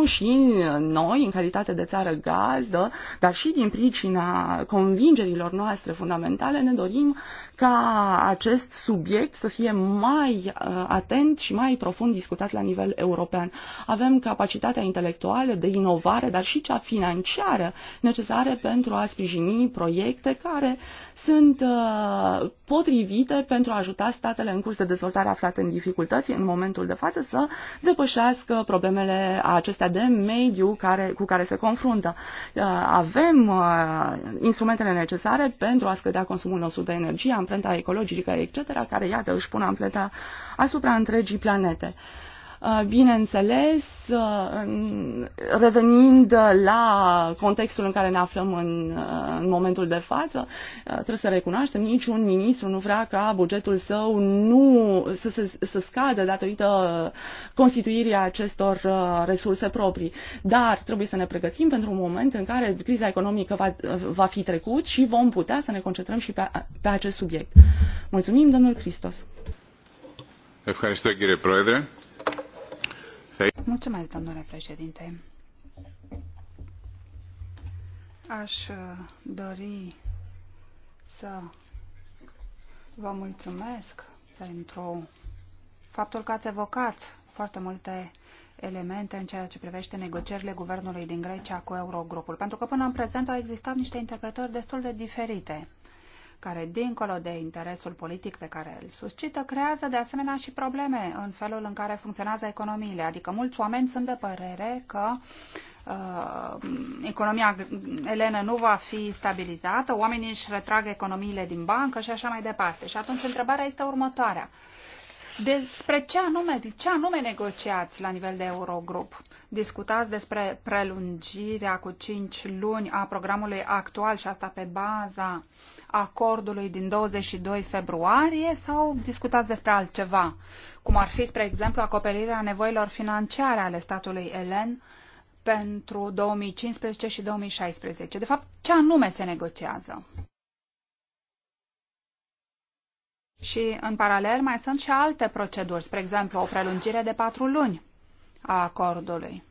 și noi, în calitate de țară gazdă, dar și din pricina convingerilor noastre fundamentale, ne dorim ca acest subiect să fie mai uh, atent și mai profund discutat la nivel european. Avem capacitatea intelectuală de inovare, dar și cea financiară necesară pentru a sprijini proiecte care sunt uh, potrivite pentru a ajuta statele în curs de dezvoltare aflate în dificultăți în momentul de față să depășească problemele acestea de mediu care, cu care se confruntă. Uh, avem instrumentele necesare pentru a scădea consumul nostru de energie. Am amprenta ecologică, etc., care, iată, își pun amprenta asupra întregii planete. Uh, bineînțeles, uh, revenind la contextul în care ne aflăm în, uh, în momentul de față, trebuie să recunoaștem, niciun ministru nu vrea ca bugetul său nu să, să, să scadă datorită constituirii acestor resurse proprii. Dar trebuie să ne pregătim pentru un moment în care criza economică va, va fi trecut și vom putea să ne concentrăm și pe, pe acest subiect. Mulțumim, domnul Cristos. Ευχαριστώ κύριε Πρόεδρε. Mulțumesc, domnule președinte. Aș uh, dori să vă mulțumesc pentru faptul că ați evocat foarte multe elemente în ceea ce privește negocierile guvernului din Grecia cu Eurogrupul, pentru că până în prezent au existat niște interpretări destul de diferite care, dincolo de interesul politic pe care îl suscită, creează de asemenea și probleme în felul în care funcționează economiile. Adică mulți oameni sunt de părere că uh, economia elenă nu va fi stabilizată, oamenii își retrag economiile din bancă și așa mai departe. Și atunci întrebarea este următoarea. Uh, despre ce anume, ce anume negociați la nivel de Eurogrup? Discutați despre prelungirea cu 5 luni a programului actual și asta pe baza acordului din 22 februarie sau discutați despre altceva? Cum ar fi, spre exemplu, acoperirea nevoilor financiare ale statului elen pentru 2015 și 2016? De fapt, ce anume se negociază? Și, în paralel, mai sunt și alte proceduri, spre exemplu, o prelungire de patru luni a acordului.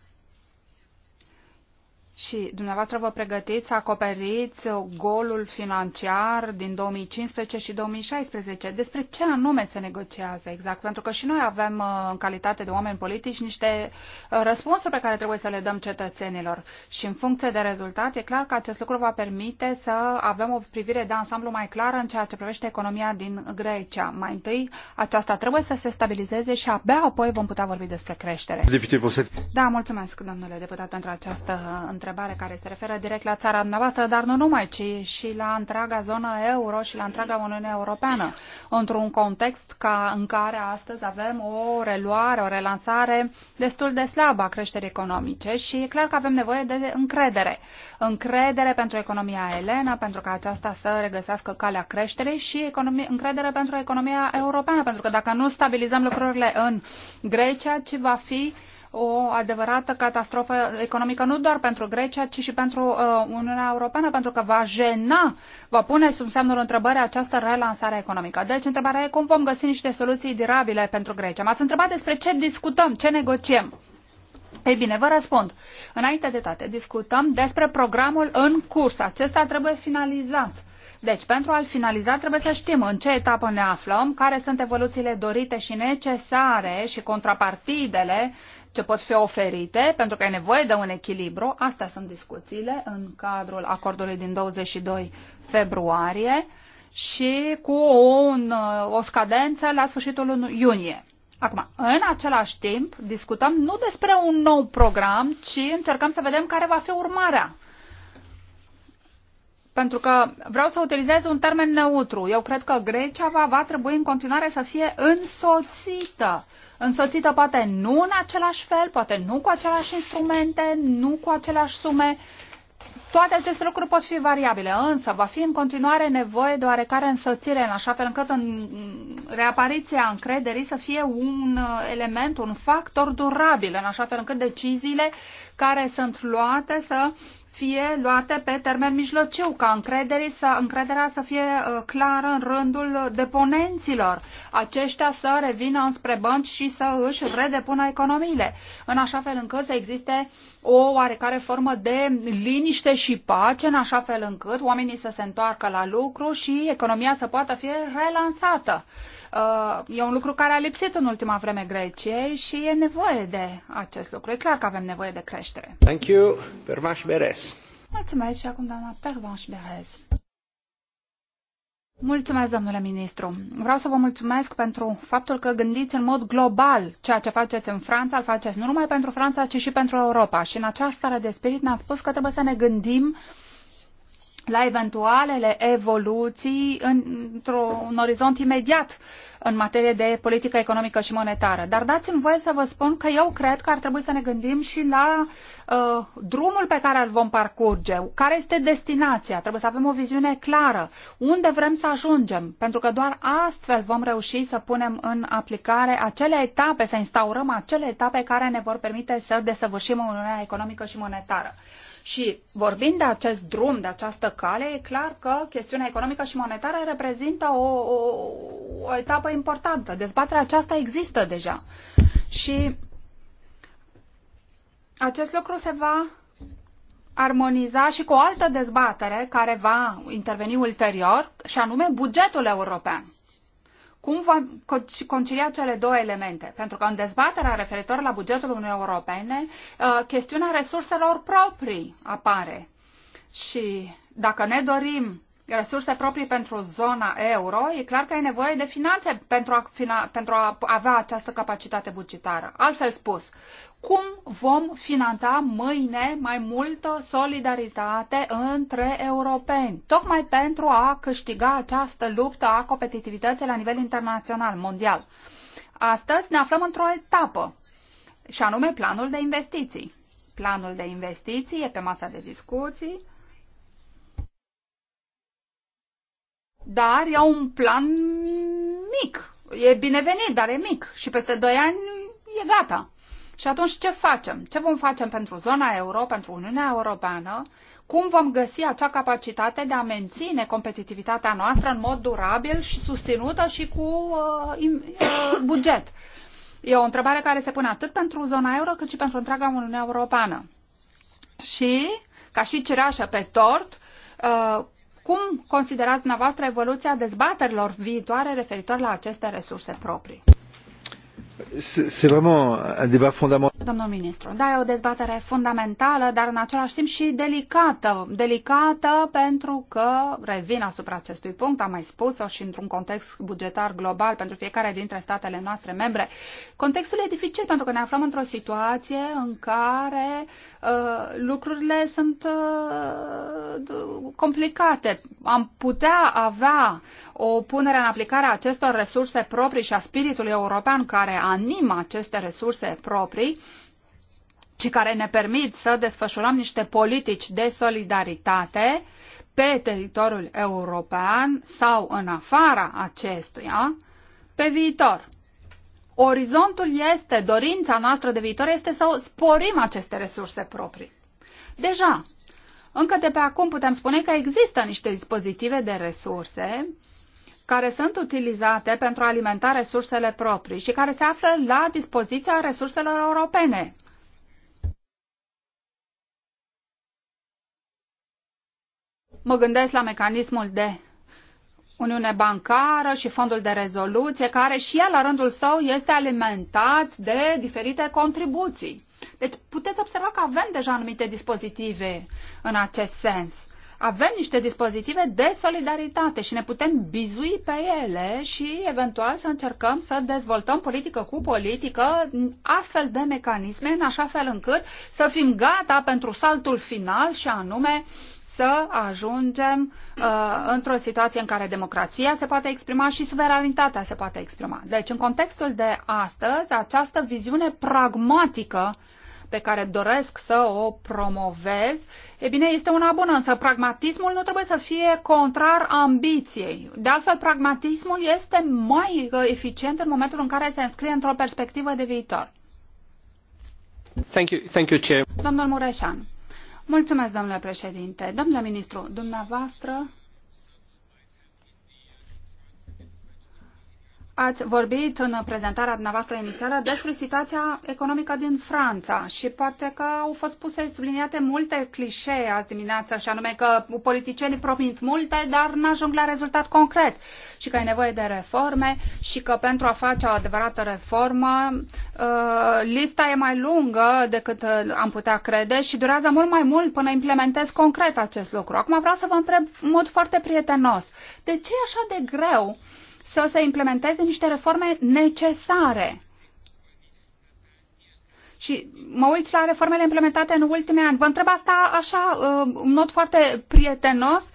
Și dumneavoastră vă pregătiți să acoperiți golul financiar din 2015 și 2016. Despre ce anume se negociază exact? Pentru că și noi avem, uh, în calitate de oameni politici, niște uh, răspunsuri pe care trebuie să le dăm cetățenilor. Și în funcție de rezultat, e clar că acest lucru va permite să avem o privire de ansamblu mai clară în ceea ce privește economia din Grecia. Mai întâi, aceasta trebuie să se stabilizeze și abia apoi vom putea vorbi despre creștere. Da, mulțumesc, domnule deputat, pentru această uh, întrebare întrebare care se referă direct la țara noastră, dar nu numai, ci și la întreaga zonă euro și la întreaga Uniune Europeană, într-un context ca în care astăzi avem o reluare, o relansare destul de slabă a creșterii economice și e clar că avem nevoie de încredere. Încredere pentru economia elena, pentru că aceasta să regăsească calea creșterii și economie, încredere pentru economia europeană, pentru că dacă nu stabilizăm lucrurile în Grecia, ce va fi uh, o adevărată catastrofă economică nu doar pentru Grecia, ci și pentru uh, Uniunea Europeană, pentru că va jena, va pune sub semnul întrebării această relansare economică. Deci, întrebarea e cum vom găsi niște soluții durabile pentru Grecia. M-ați întrebat despre ce discutăm, ce negociem. Ei bine, vă răspund. Înainte de toate, discutăm despre programul în curs. Acesta trebuie finalizat. Deci, pentru a-l finaliza, trebuie să știm în ce etapă ne aflăm, care sunt evoluțiile dorite și necesare și contrapartidele uh, ce pot fi oferite, pentru că e nevoie de un echilibru. Astea sunt discuțiile în cadrul acordului din 22 februarie și cu un, uh, o scadență la sfârșitul iunie. Acum, în același timp, discutăm nu despre un nou program, ci încercăm să vedem care va fi urmarea. Pentru că vreau să utilizez un termen neutru. Eu cred că Grecia va, va trebui în continuare să fie însoțită uh, însoțită poate nu în același fel, poate nu cu aceleași instrumente, nu cu aceleași sume. Toate aceste lucruri pot fi variabile, însă va fi în continuare nevoie de oarecare însoțire, în așa fel încât în reapariția încrederii să fie un uh, element, un factor durabil, în așa fel încât deciziile care sunt luate să uh, fie luate pe termen mijlociu, ca să, încrederea să fie uh, clară în rândul deponenților, aceștia să revină înspre bănci și să își redepună economiile, în așa fel încât să existe o oarecare formă de liniște și pace, în așa fel încât oamenii să se întoarcă la lucru și economia să poată fi relansată. Uh, e un lucru care a lipsit în ultima vreme Greciei și e nevoie de acest lucru. E clar că avem nevoie de creștere. Thank you, Pervaș Beres. Mulțumesc și acum doamna Pervaș Berez. Mulțumesc, domnule ministru. Vreau să vă mulțumesc pentru faptul că gândiți în mod global ceea ce faceți în Franța, îl faceți nu numai pentru Franța, ci și pentru Europa. Și în această stare de spirit ne-ați spus că trebuie să ne gândim uh, la eventualele evoluții într-un orizont imediat în materie de politică economică și monetară. Dar dați-mi voie să vă spun că eu cred că ar trebui să ne gândim și la uh, drumul pe care îl vom parcurge, care este destinația. Trebuie să avem o viziune clară, unde vrem să ajungem, pentru că doar astfel vom reuși să punem în aplicare acele etape, să instaurăm acele etape care ne vor permite să desăvârșim Uniunea Economică și Monetară. Și vorbind de acest drum, de această cale, e clar că chestiunea economică și monetară reprezintă o, o, o etapă importantă. Dezbaterea aceasta există deja. Și acest lucru se va armoniza și cu o altă dezbatere care va interveni ulterior, și anume bugetul european. Cum vom concilia cele două elemente? Pentru că în dezbaterea referitor la bugetul Uniunii Europene, uh, chestiunea resurselor proprii apare. Și dacă ne dorim resurse proprii pentru zona euro, e clar că e nevoie de finanțe pentru a, pentru a avea această capacitate bugetară. Altfel spus, cum vom finanța mâine mai multă solidaritate între europeni, tocmai pentru a câștiga această luptă a competitivității la nivel internațional, mondial. Astăzi ne aflăm într-o etapă, și anume planul de investiții. Planul de investiții e pe masa de discuții, dar e un plan mic. E binevenit, dar e mic și peste doi ani e gata. Și atunci ce facem? Ce vom face pentru zona euro, pentru Uniunea Europeană? Cum vom găsi acea capacitate de a menține competitivitatea noastră în mod durabil și susținută și cu uh, uh buget? E o întrebare care se pune atât pentru zona euro cât și pentru întreaga Uniunea Europeană. Și, ca și cireașă pe tort, uh, cum considerați dumneavoastră evoluția dezbaterilor viitoare referitor la aceste resurse proprii? Domnule Domnul ministru, da, e o dezbatere fundamentală, dar în același timp și delicată. Delicată pentru că, revin asupra acestui punct, am mai spus-o și într-un context bugetar global pentru fiecare dintre statele noastre membre. Contextul e dificil pentru că ne aflăm într-o situație în care uh, lucrurile sunt uh, complicate. Am putea avea o punere în aplicare a acestor resurse proprii și a spiritului european care anim aceste resurse proprii, și care ne permit să desfășurăm niște politici de solidaritate pe teritoriul european sau în afara acestuia pe viitor. Orizontul este, dorința noastră de viitor este să sporim aceste resurse proprii. Deja, încă de pe acum putem spune că există niște dispozitive de resurse care sunt utilizate pentru a alimenta resursele proprii și care se află la dispoziția resurselor europene. Mă gândesc la mecanismul de Uniune Bancară și Fondul de Rezoluție, care și el, la rândul său, este alimentat de diferite contribuții. Deci puteți observa că avem deja anumite dispozitive în acest sens avem niște dispozitive de solidaritate și ne putem bizui pe ele și eventual să încercăm să dezvoltăm politică cu politică astfel de mecanisme în așa fel încât să fim gata pentru saltul final și anume să ajungem uh, într-o situație în care democrația se poate exprima și suveranitatea se poate exprima. Deci, în contextul de astăzi, această viziune pragmatică uh, pe care doresc să o promovez, e bine, este una bună, însă pragmatismul nu trebuie să fie contrar ambiției. De altfel, pragmatismul este mai eficient în momentul în care se înscrie într-o perspectivă de viitor. Thank you, thank you, Chair. Domnul Mureșan. Mulțumesc, domnule președinte. Domnule ministru, dumneavoastră Ați vorbit în prezentarea dumneavoastră inițială despre situația economică din Franța și poate că au fost puse subliniate multe clișee azi dimineață și anume că politicienii promit multe, dar n-ajung la rezultat concret și că e nevoie de reforme și că pentru a face o adevărată reformă uh, lista e mai lungă decât uh, am putea crede și durează mult mai mult până implementez concret acest lucru. Acum vreau să vă întreb în mod foarte prietenos, de ce e așa de greu să se implementeze niște reforme necesare. Și mă uit la reformele implementate în ultimii ani. Vă întreb asta așa, uh, în mod foarte prietenos,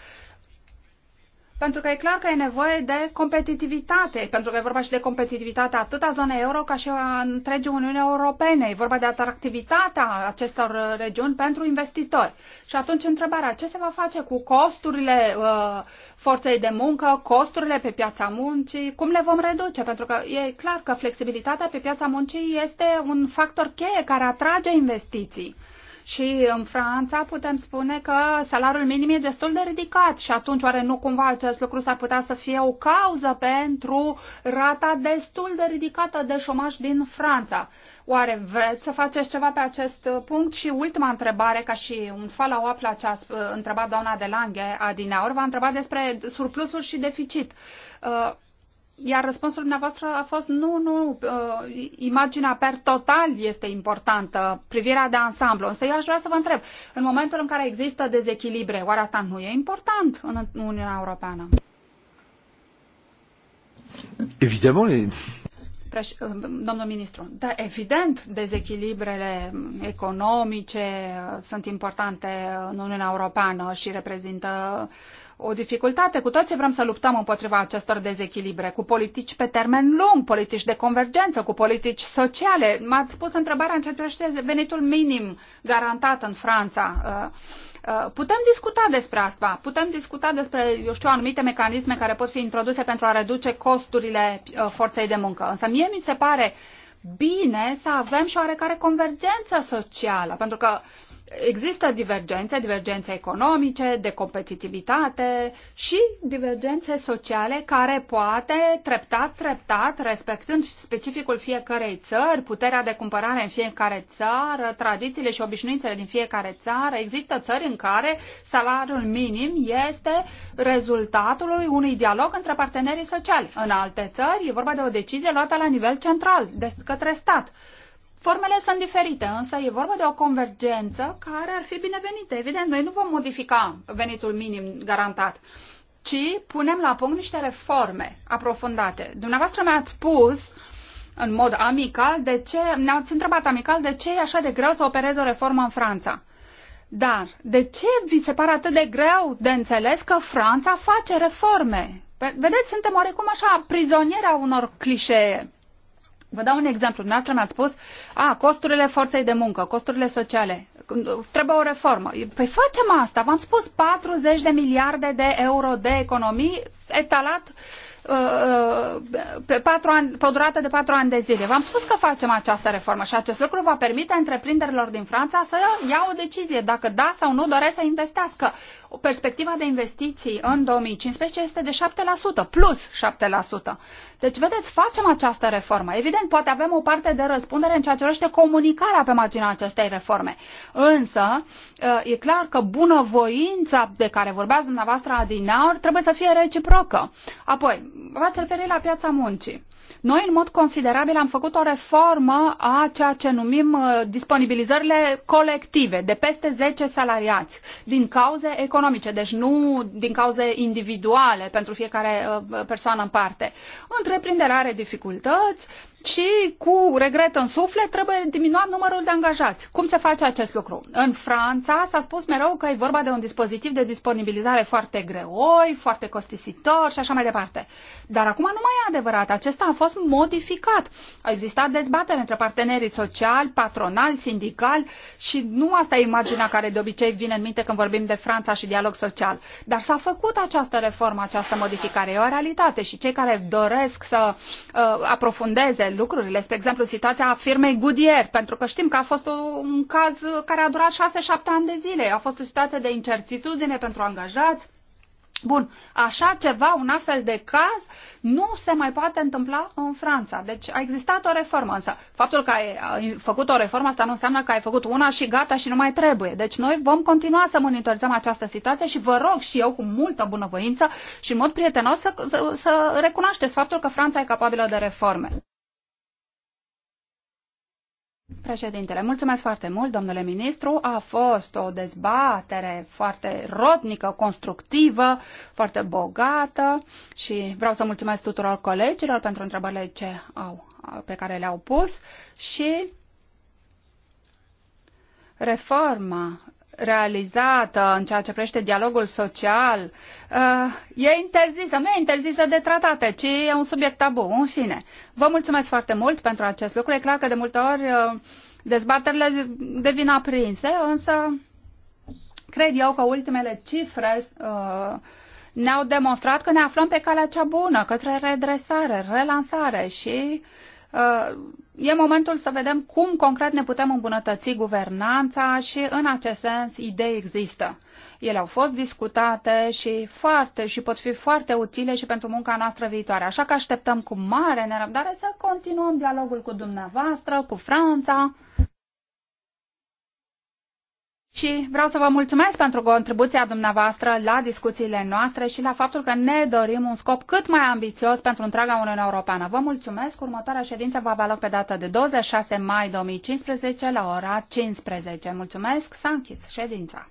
pentru că e clar că e nevoie de competitivitate, pentru că e vorba și de competitivitate atât a zonei euro ca și a întregii Uniunii Europene. E vorba de atractivitatea acestor uh, regiuni pentru investitori. Și atunci întrebarea, ce se va face cu costurile uh, forței de muncă, costurile pe piața muncii, cum le vom reduce? Pentru că e clar că flexibilitatea pe piața muncii este un factor cheie care atrage investiții și în Franța putem spune că salariul minim e destul de ridicat și atunci oare nu cumva acest lucru s-ar putea să fie o cauză pentru rata destul de ridicată de șomaș din Franța? Oare vreți să faceți ceva pe acest punct? Și ultima întrebare, ca și un follow-up la ce a întrebat doamna de Lange Adinaur, v-a întrebat despre surplusul și deficit. Uh, iar răspunsul dumneavoastră a fost nu, nu, uh, imaginea per total este importantă, privirea de ansamblu. Însă eu aș vrea să vă întreb, în momentul în care există dezechilibre, oare asta nu e important în Uniunea Europeană? Evident. Preș- uh, domnul ministru, da, evident, dezechilibrele economice uh, sunt importante în Uniunea Europeană și reprezintă uh, o dificultate. Cu toții vrem să luptăm împotriva acestor dezechilibre, cu politici pe termen lung, politici de convergență, cu politici sociale. M-ați pus întrebarea în ce privește venitul minim garantat în Franța. Uh, uh, putem discuta despre asta, putem discuta despre, eu știu, anumite mecanisme care pot fi introduse pentru a reduce costurile uh, forței de muncă. Însă mie mi se pare bine să avem și oarecare convergență socială, pentru că uh, există divergențe, divergențe economice, de competitivitate și divergențe sociale care poate treptat, treptat, respectând specificul fiecarei țări, puterea de cumpărare în fiecare țară, tradițiile și obișnuințele din fiecare țară, există țări în care salariul minim este rezultatul unui dialog între partenerii sociali. În alte țări e vorba de o decizie luată la nivel central, de către stat. Formele sunt diferite, însă e vorba de o convergență care ar fi binevenită. Evident, noi nu vom modifica venitul minim garantat, ci punem la punct niște reforme aprofundate. Dumneavoastră mi-ați spus în mod amical de ce, ne-ați întrebat amical de ce e așa de greu să opereze o reformă în Franța. Dar de ce vi se pare atât de greu de înțeles că Franța face reforme? Vedeți, suntem oarecum așa prizonieri a unor clișee. Vă dau un exemplu. Noastră mi-ați spus, a, costurile forței de muncă, costurile sociale, trebuie o reformă. Păi facem asta. V-am spus 40 de miliarde de euro de economii etalat uh, uh, pe, patru ani, pe o durată de patru ani de zile. V-am spus că facem această reformă și acest lucru va permite întreprinderilor din Franța să ia o decizie dacă da sau nu doresc să investească perspectiva de investiții în 2015 este de 7%, plus 7%. Deci, vedeți, facem această reformă. Evident, poate avem o parte de răspundere în ceea ce privește comunicarea pe marginea acestei reforme. Însă, uh, e clar că bunăvoința de care vorbeați dumneavoastră adinaur trebuie să fie reciprocă. Apoi, v-ați referit la piața muncii. Noi, în mod considerabil, am făcut o reformă a ceea ce numim uh, disponibilizările colective de peste 10 salariați din cauze economice, deci nu din cauze individuale pentru fiecare uh, persoană în parte. Întreprinderea are dificultăți, și cu regret în suflet trebuie diminuat numărul de angajați. Cum se face acest lucru? În Franța s-a spus mereu că e vorba de un dispozitiv de disponibilizare foarte greoi, foarte costisitor și așa mai departe. Dar acum nu mai e adevărat. Acesta a fost modificat. A existat dezbatere între partenerii sociali, patronali, sindicali și nu asta e imaginea care de obicei vine în minte când vorbim de Franța și dialog social. Dar s-a făcut această reformă, această modificare. E o realitate și cei care doresc să uh, aprofundeze lucrurile, spre exemplu situația firmei Goodyear, pentru că știm că a fost un caz care a durat 6-7 ani de zile, a fost o situație de incertitudine pentru angajați. Bun, așa ceva, un astfel de caz, nu se mai poate întâmpla în Franța. Deci a existat o reformă, însă faptul că ai făcut o reformă, asta nu înseamnă că ai făcut una și gata și nu mai trebuie. Deci noi vom continua să monitorizăm această situație și vă rog și eu cu multă bunăvoință și în mod prietenos să, să, să recunoașteți faptul că Franța e capabilă de reforme. Președintele, mulțumesc foarte mult, domnule ministru. A fost o dezbatere foarte rodnică, constructivă, foarte bogată și vreau să mulțumesc tuturor colegilor pentru întrebările ce au, pe care le-au pus și reforma realizată în ceea ce privește dialogul social uh, e interzisă. Nu e interzisă de tratate, ci e un subiect tabu, în fine. Vă mulțumesc foarte mult pentru acest lucru. E clar că de multe ori uh, dezbaterile devin aprinse, însă cred eu că ultimele cifre uh, ne-au demonstrat că ne aflăm pe calea cea bună, către redresare, relansare și e momentul să vedem cum concret ne putem îmbunătăți guvernanța și în acest sens idei există. Ele au fost discutate și, foarte, și pot fi foarte utile și pentru munca noastră viitoare. Așa că așteptăm cu mare nerăbdare să continuăm dialogul cu dumneavoastră, cu Franța. Și vreau să vă mulțumesc pentru contribuția dumneavoastră la discuțiile noastre și la faptul că ne dorim un scop cât mai ambițios pentru întreaga Uniune Europeană. Vă mulțumesc. Următoarea ședință va avea loc pe data de 26 mai 2015 la ora 15. Mulțumesc. S-a închis ședința.